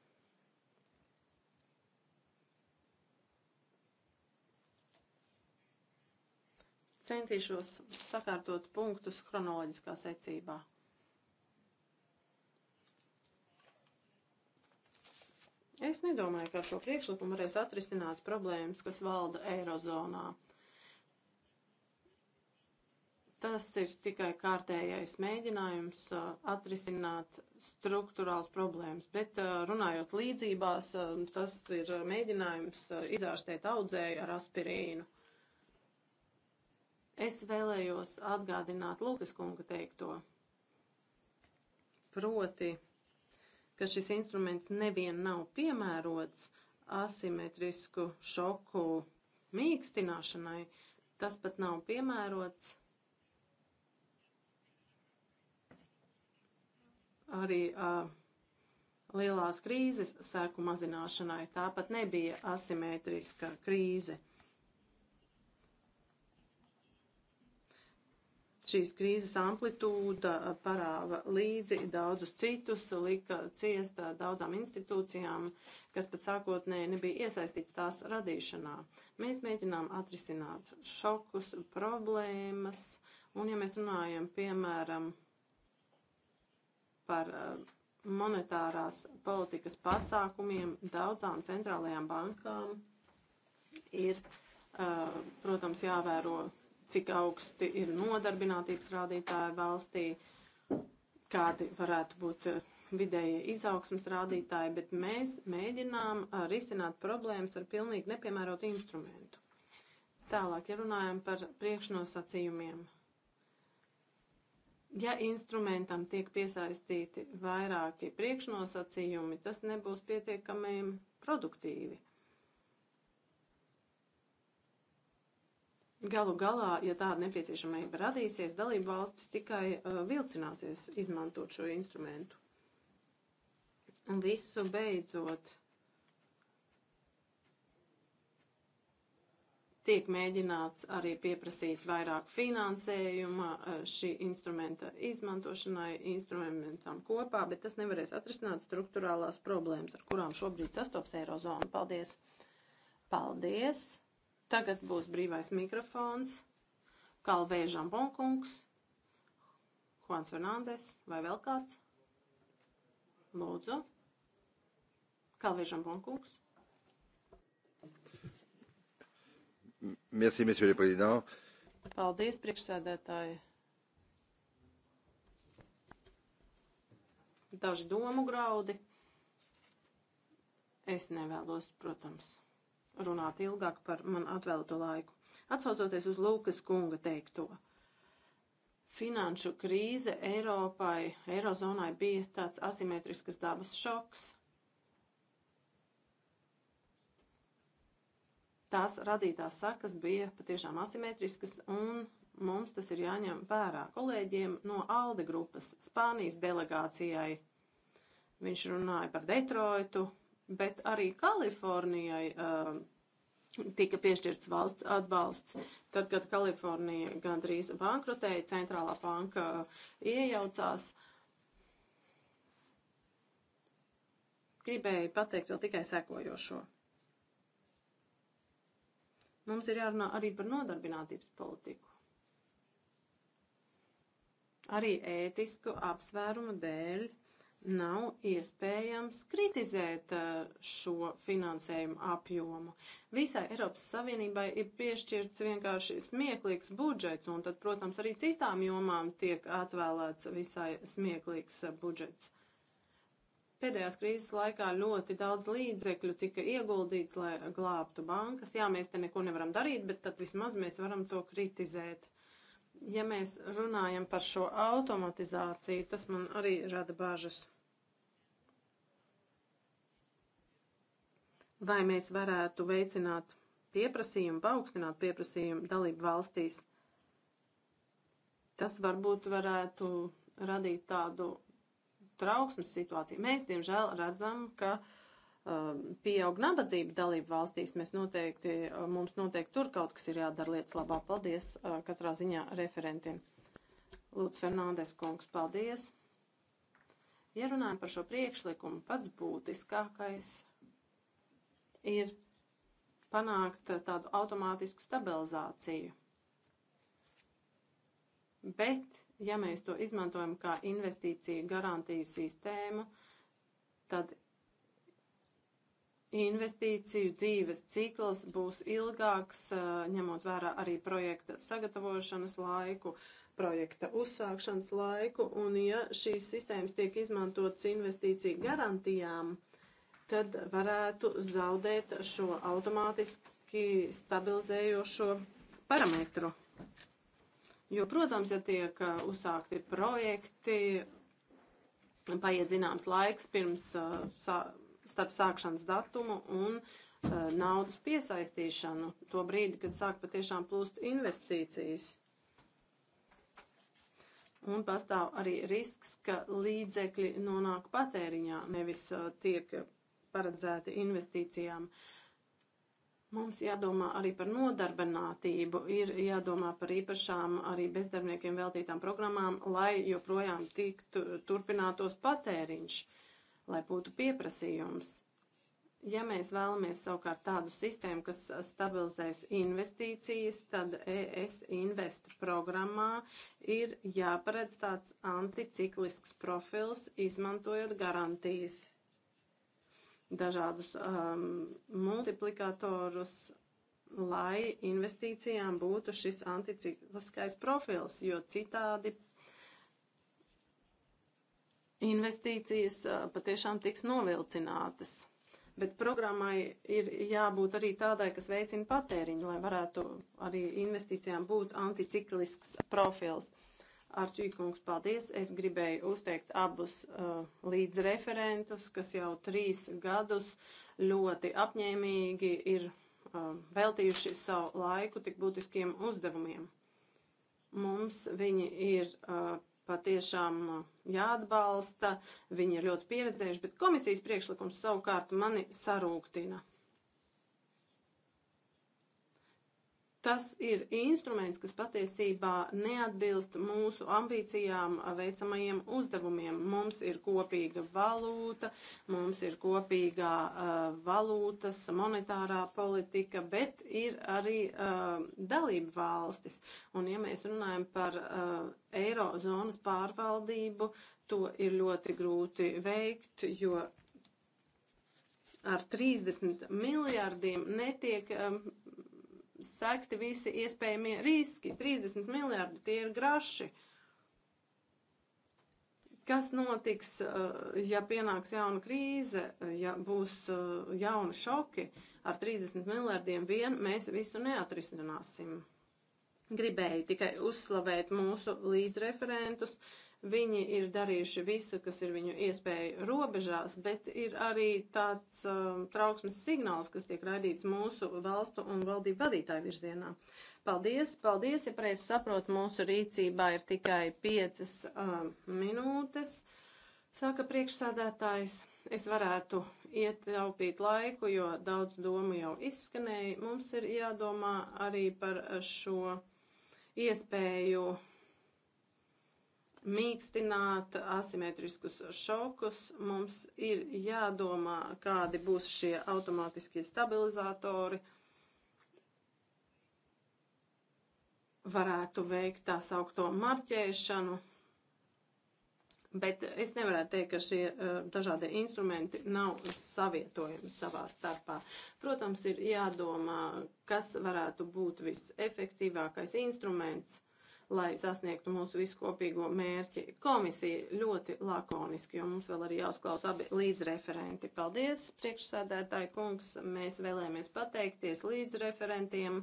Centīšos sakārtot punktus chronoloģiskā secībā. Es nedomāju, ka ar šo priekšlikumu varēs atrisināt problēmas, kas valda Eirozonā. Tas ir tikai kārtējais mēģinājums atrisināt struktūrāls problēmas, bet runājot līdzībās, tas ir mēģinājums izārstēt audzēju ar aspirīnu. Es vēlējos atgādināt Lūkas kunga teikto. Proti, ka šis instruments nevien nav piemērots asimetrisku šoku mīkstināšanai, tas pat nav piemērots arī uh, lielās krīzes sēku mazināšanai. Tāpat nebija asimetriska krīze. Šīs krīzes amplitūda parāva līdzi daudzus citus, lika ciest daudzām institūcijām, kas pat sākotnēji nebija iesaistīts tās radīšanā. Mēs mēģinām atrisināt šokus, problēmas, un ja mēs runājam, piemēram, par eh, monetārās politikas pasākumiem daudzām centrālajām bankām ir, eh, protams, jāvēro, cik augsti ir nodarbinātības rādītāji valstī, kādi varētu būt eh, vidēji izaugsmas rādītāji, bet mēs mēģinām risināt problēmas ar pilnīgi nepiemērotu instrumentu. Tālāk, ja runājam par priekšnosacījumiem, Ja instrumentam tiek piesaistīti vairāki priekšnosacījumi, tas nebūs pietiekami produktīvi. Galu galā, ja tāda nepieciešamība radīsies, dalību valstis tikai uh, vilcināsies izmantot šo instrumentu. Un visu beidzot, Tiek mēģināts arī pieprasīt vairāk finansējuma eh, šī instrumenta izmantošanai, instrumentam kopā, bet tas nevarēs atrisināt struktūrālās problēmas, ar kurām šobrīd sastopas Eirozona. Paldies! Paldies! Tagad būs brīvais mikrofons. Kalvēja Žambonkungs, Juans Fernandes vai vēl kāds? Lūdzu. Kalvēja Žambonkungs. Merci, monsieur le président. Paldies, priekšsēdētāji. Daži domu graudi. Es nevēlos, protams, runāt ilgāk par man atvēlto laiku. Atsaucoties uz Lūkas kunga teikto, finanšu krīze Eiropai, Eirozonai bija tāds asimetriskas dabas šoks – tās radītās sakas bija patiešām asimetriskas, un mums tas ir jāņem vērā. Kolēģiem no ALDE grupas Spānijas delegācijai viņš runāja par Detroitu, bet arī Kalifornijai uh, tika piešķirts valsts atbalsts. Tad, kad Kalifornija gandrīz bankrotēja, centrālā banka iejaucās. Gribēju pateikt vēl tikai sekojošo. Mums ir jārunā arī par nodarbinātības politiku. Arī ētisku apsvērumu dēļ nav iespējams kritizēt eh, šo finansējumu apjomu. Visai Eiropas Savienībai ir piešķirts vienkārši smieklīgs budžets, un tad, protams, arī citām jomām tiek atvēlēts visai smieklīgs budžets. Pēdējās krīzes laikā ļoti daudz līdzekļu tika ieguldīts, lai glābtu bankas. Jā, mēs te neko nevaram darīt, bet tad vismaz mēs varam to kritizēt. Ja mēs runājam par šo automatizāciju, tas man arī rada bažas. Vai mēs varētu veicināt pieprasījumu, paaugstināt pieprasījumu dalību valstīs? Tas varbūt varētu radīt tādu trauksmes situācija. Mēs, diemžēl, redzam, ka um, pieaug nabadzība dalību valstīs. Mēs noteikti, uh, mums noteikti tur kaut kas ir jādara lietas labā. Paldies uh, katrā ziņā referentiem. Lūdzu, Fernandes kungs, paldies. Ja runājam par šo priekšlikumu, pats būtiskākais ir panākt uh, tādu automātisku stabilizāciju. Bet Ja mēs to izmantojam kā investīciju garantiju sistēmu, tad investīciju dzīves cikls būs ilgāks, ņemot vērā arī projekta sagatavošanas laiku, projekta uzsākšanas laiku, un ja šīs sistēmas tiek izmantotas investīciju garantijām, tad varētu zaudēt šo automātiski stabilizējošo parametru. Jo, protams, ja tiek eh, uzsākti projekti, paiet zināms laiks pirms eh, sā, starp sākšanas datumu un eh, naudas piesaistīšanu, to brīdi, kad sāk patiešām plūst investīcijas. Un pastāv arī risks, ka līdzekļi nonāk patēriņā, nevis tiek paredzēti investīcijām. Uh, Mums jādomā arī par nodarbinātību, ir jādomā par īpašām arī bezdarbniekiem veltītām programmām, lai joprojām tiktu turpinātos patēriņš, lai būtu pieprasījums. Ja mēs vēlamies savukārt tādu sistēmu, kas stabilizēs investīcijas, tad ES Invest programmā ir jāparedz tāds anticiklisks profils, izmantojot garantijas dažādus um, multiplikatorus, lai investīcijām būtu šis anticikliskais profils, jo citādi investīcijas uh, patiešām tiks novilcinātas. Bet programmai ir jābūt arī tādai, kas veicina patēriņu, lai varētu arī investīcijām būt anticiklisks profils. Arčīkungs, paldies. Es gribēju uzteikt abus uh, līdzreferentus, kas jau trīs gadus ļoti apņēmīgi ir uh, veltījuši savu laiku tik būtiskiem uzdevumiem. Mums viņi ir uh, patiešām jāatbalsta, viņi ir ļoti pieredzējuši, bet komisijas priekšlikums savukārt mani sarūktina. Tas ir instruments, kas patiesībā neatbilst mūsu ambīcijām veicamajiem uzdevumiem. Mums ir kopīga valūta, mums ir kopīgā uh, valūtas, monetārā politika, bet ir arī uh, dalība valstis. Un ja mēs runājam par uh, eirozonas pārvaldību, to ir ļoti grūti veikt, jo ar 30 miljārdiem netiek. Um, sekti visi iespējamie riski. 30 miljardi tie ir graši. Kas notiks, eh, ja pienāks jauna krīze, ja būs eh, jauni šoki? Ar 30 miljardiem vien mēs visu neatrisināsim. Gribēju tikai uzslavēt mūsu līdzreferentus. Uh, Viņi ir darījuši visu, kas ir viņu iespēju robežās, bet ir arī tāds um, trauksmes signāls, kas tiek raidīts mūsu valstu un valdību vadītāju virzienā. Paldies, paldies, ja pareizi saprot, mūsu rīcībā ir tikai piecas um, minūtes, saka priekšsādātājs. Es varētu ietaupīt laiku, jo daudz domu jau izskanēja. Mums ir jādomā arī par šo iespēju mīkstināt asimetriskus šokus. Mums ir jādomā, kādi būs šie automātiskie stabilizatori. Varētu veikt tā saukto marķēšanu, bet es nevarētu teikt, ka šie uh, dažādie instrumenti nav savietojami savā starpā. Protams, ir jādomā, kas varētu būt visefektīvākais instruments lai sasniegtu mūsu viskopīgo mērķi. Komisija ļoti lakoniski, jo mums vēl arī jāuzklaus abi līdzreferenti. Paldies, priekšsādētāji kungs, mēs vēlēmies pateikties līdzreferentiem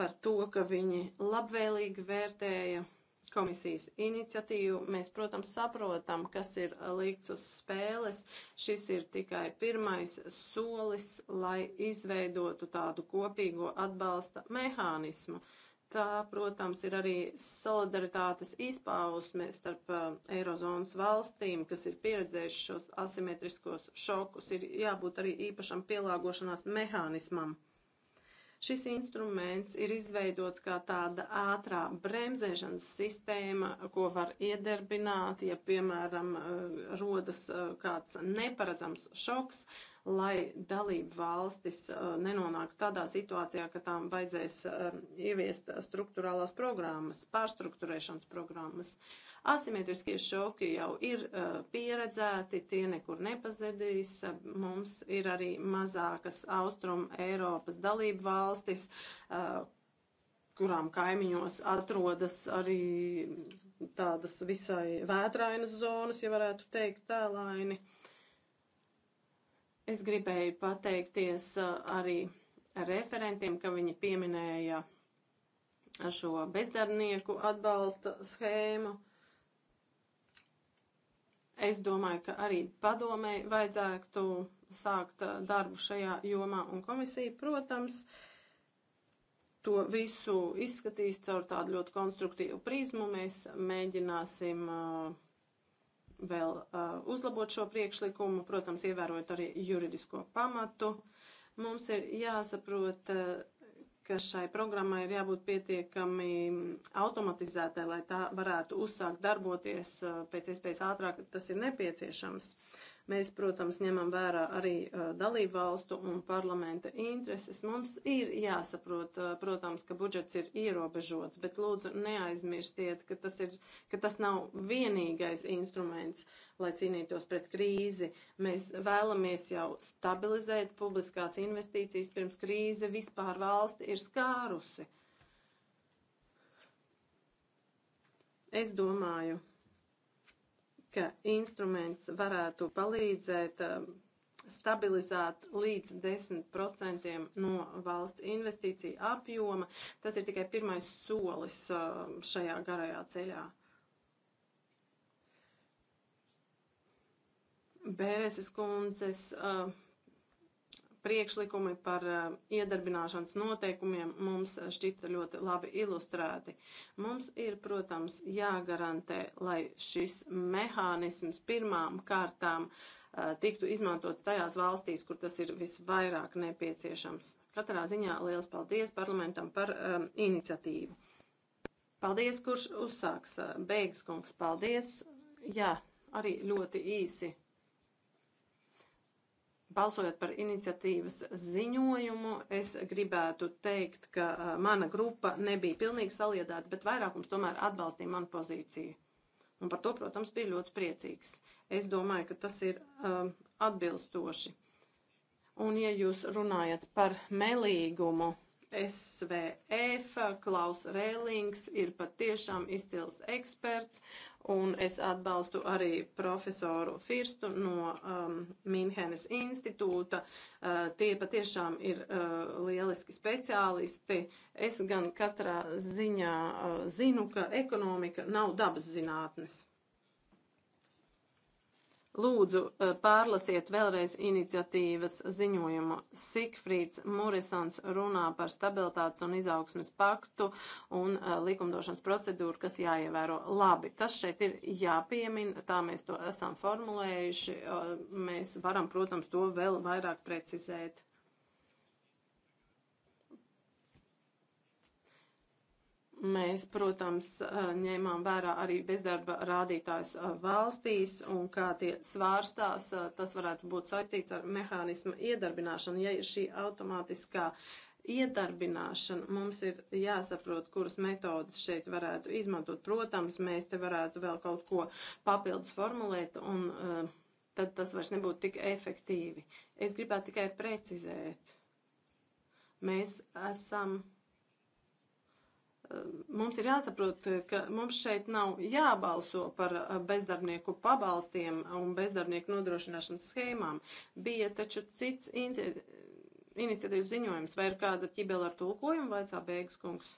par to, ka viņi labvēlīgi vērtēja komisijas iniciatīvu. Mēs, protams, saprotam, kas ir likts uz spēles. Šis ir tikai pirmais solis, lai izveidotu tādu kopīgo atbalsta mehānismu. Uh, tā, protams, ir arī solidaritātes izpausme starp uh, Eirozonas valstīm, kas ir pieredzējuši šos asimetriskos šokus. Ir jābūt arī īpašam pielāgošanās mehānismam. Šis instruments ir izveidots kā tāda ātrā bremzēšanas sistēma, ko var iedarbināt, ja, piemēram, uh, rodas uh, kāds neparedzams šoks, uh, lai dalību valstis uh, nenonāktu tādā situācijā, ka tām vajadzēs um, ieviest struktūrālās programmas, pārstruktūrēšanas programmas. Asimetriskie šoki jau ir uh, pieredzēti, tie nekur nepazedīs. Mums ir arī mazākas Austrum Eiropas dalību valstis, uh, kurām kaimiņos atrodas arī tādas visai vētrainas zonas, ja varētu teikt tēlaini. Tā Es gribēju pateikties uh, arī referentiem, ka viņi pieminēja šo bezdarbnieku atbalsta schēmu. Es domāju, ka arī padomē vajadzētu sākt uh, darbu šajā jomā, un komisija, protams, to visu izskatīs caur tādu ļoti konstruktīvu prizmu. Mēs mēģināsim uh, vēl uh, uzlabot šo priekšlikumu, protams, ievērojot arī juridisko pamatu. Mums ir jāsaprot, uh, ka šai programmai ir jābūt pietiekami automatizētai, lai tā varētu uzsākt darboties uh, pēc iespējas ātrāk, tas ir nepieciešams. Mēs, protams, ņemam vērā arī dalību valstu un parlamenta intereses. Mums ir jāsaprot, protams, ka budžets ir ierobežots, bet lūdzu neaizmirstiet, ka tas, ir, ka tas nav vienīgais instruments, lai cīnītos pret krīzi. Mēs vēlamies jau stabilizēt publiskās investīcijas pirms krīze vispār valsti ir skārusi. Es domāju, ka instruments varētu palīdzēt um, stabilizēt līdz 10% no valsts investīciju apjoma. Tas ir tikai pirmais solis um, šajā garajā ceļā. Bēreses kundzes uh, priekšlikumi par eh, iedarbināšanas noteikumiem mums eh, šķita ļoti labi ilustrēti. Mums ir, protams, jāgarantē, lai šis mehānisms pirmām kārtām eh, tiktu izmantots tajās valstīs, kur tas ir visvairāk nepieciešams. Katrā ziņā liels paldies parlamentam par um, iniciatīvu. Paldies, kurš uzsāks. Beigas kungs, paldies. Jā, arī ļoti īsi. Balsojot par iniciatīvas ziņojumu, es gribētu teikt, ka mana grupa nebija pilnīgi saliedāta, bet vairākums tomēr atbalstīja manu pozīciju. Un par to, protams, bija ļoti priecīgs. Es domāju, ka tas ir um, atbilstoši. Un, ja jūs runājat par melīgumu, SVF, Klaus Rēlings ir patiešām izcils eksperts, un es atbalstu arī profesoru Firstu no um, Minhenes institūta. Uh, tie patiešām ir uh, lieliski speciālisti. Es gan katrā ziņā uh, zinu, ka ekonomika nav dabas zinātnes. Lūdzu, eh, pārlasiet vēlreiz iniciatīvas ziņojumu. Sikfrīds Murisans runā par stabilitātes un izaugsmes paktu un eh, likumdošanas procedūru, kas jāievēro labi. Tas šeit ir jāpiemina, tā mēs to esam formulējuši. Eh, mēs varam, protams, to vēl vairāk precizēt. Mēs, protams, ņēmām vērā arī bezdarba rādītājus valstīs un kā tie svārstās, tas varētu būt saistīts ar mehānismu iedarbināšanu. Ja ir šī automātiskā iedarbināšana, mums ir jāsaprot, kuras metodas šeit varētu izmantot. Protams, mēs te varētu vēl kaut ko papildus formulēt un uh, tad tas vairs nebūtu tik efektīvi. Es gribētu tikai precizēt. Mēs esam. Um, Mums ir jāsaprot, ka mums šeit nav jābalso par bezdarbnieku pabalstiem un bezdarbnieku nodrošināšanas schēmām. Bija taču cits iniciatīvas ziņojums, vai ir kāda ķibela ar tulkojumu, vaicā beigas kungs.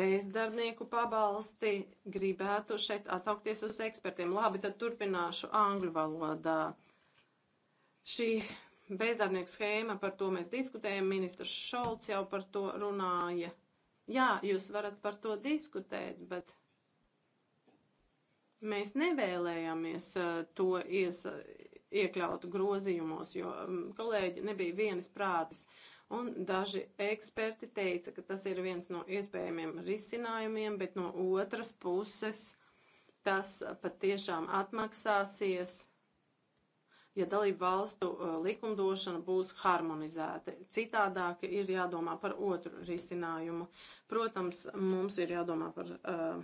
Bezdarbnieku pabalsti gribētu šeit atsaukties uz ekspertiem. Labi, tad turpināšu angļu valodā. Šī Bezdarbnieku schēma, par to mēs diskutējam, ministrs Šolts jau par to runāja. Jā, jūs varat par to diskutēt, bet mēs nevēlējāmies uh, to ies, iekļaut grozījumos, jo um, kolēģi nebija vienas prātis. Un daži eksperti teica, ka tas ir viens no iespējamiem risinājumiem, bet no otras puses tas patiešām atmaksāsies ja dalību valstu uh, likumdošana būs harmonizēta. Citādāk ir jādomā par otru risinājumu. Protams, mums ir jādomā par uh,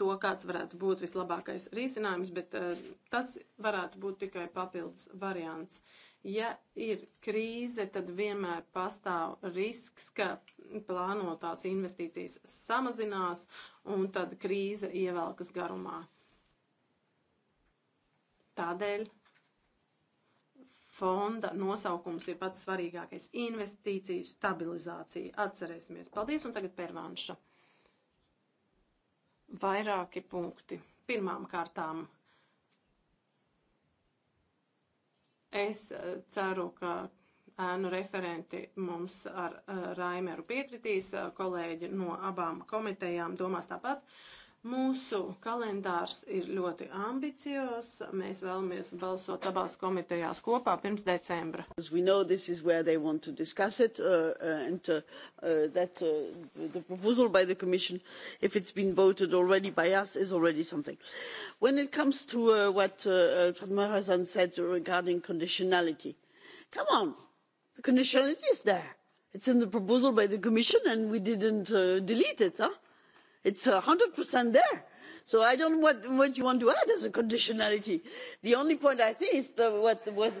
to, kāds varētu būt vislabākais risinājums, bet uh, tas varētu būt tikai papildus variants. Ja ir krīze, tad vienmēr pastāv risks, ka plānotās investīcijas samazinās un tad krīze ievelkas garumā. Tādēļ fonda nosaukums ir pats svarīgākais - investīciju stabilizācija. Atcerēsimies. Paldies, un tagad pervanša. Vairāki punkti. Pirmām kārtām es eh, ceru, ka ēnu referenti mums ar eh, Raimeru piekritīs, eh, kolēģi no abām komitejām domās tāpat. Uh, Mūsu kalendārs ir ļoti ambicios. Mēs vēlamies balsot abās komitejās kopā pirms decembra. Know, it, uh, uh, and, uh, uh that, uh, commission, if it's been voted already by us, is already something. When it comes to uh, what uh, uh Alfred Morazan said regarding conditionality, come on, the conditionality is there. It's in the proposal by the commission and we didn't uh, delete it. Huh? it's one hundred there so i don't know what you want to add as a conditionality. the only point i think is what was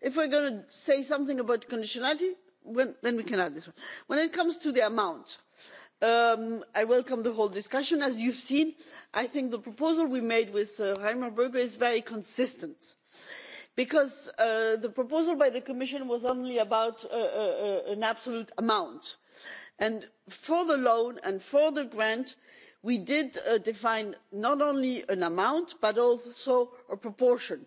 if we're going to say something about conditionality when, then we can add this one. when it comes to the amount um, i welcome the whole discussion. as you've seen i think the proposal we made with uh, reimer bge is very consistent because uh, the proposal by the commission was only about uh, uh, uh an absolute amount and for the loan and for the grant we did uh, define not only an amount but also a proportion and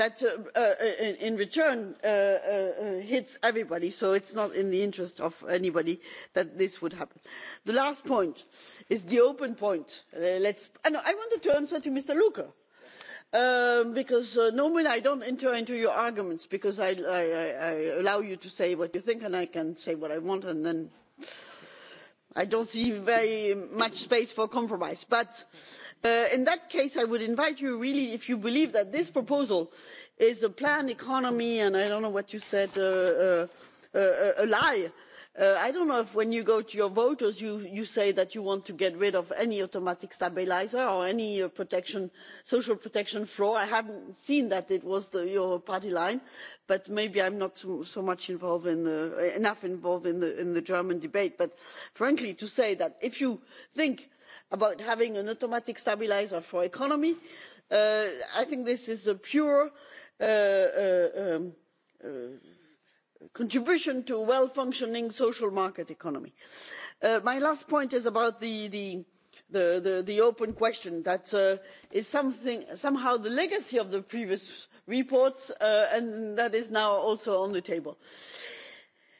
that uh, uh, uh, in, in return uh, uh, uh hits everybody so it is not in the interest of anybody that this would happen. the last point is the open point. No, i wanted to answer to mr louca um, because normally i do not enter into your arguments because I, I, i allow you to say what you think and i can say what i want and then i do not see very much space for compromise but Uh, in that case i would invite you really if you believe that this proposal is a planned economy and i don't know what you said uh, uh, uh, uh a lie uh, i don't know if when you go to your voters you, you say that you want to get rid of any automatic stabiliser or any protection, social protection floor. i haven't seen that it was the, your party line but maybe i'm not so, so much involved in the, enough involved in the, in the german debate but frankly to say that if you think about having an automatic stabiliser for the economy uh, i think this is a pure uh, uh um, uh, contribution to a well functioning social market economy. Uh, my last point is about the, the The, the, the open question that uh, is something somehow the legacy of the previous reports uh, and that is now also on the table. Uh,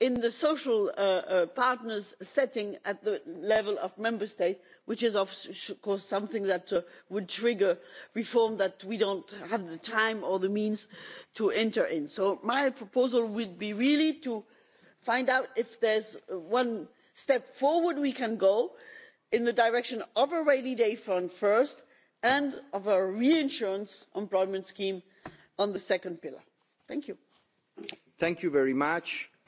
in the social uh, uh, partners setting at the level of member states which is of course something that uh, would trigger reform that we don't have the time or the means to enter into. so my proposal would be really to find out if there's uh, one step forward we can go in the direction of a rainy day fund first and of a reinsurance employment scheme on the second pillar. thank you. thank you very much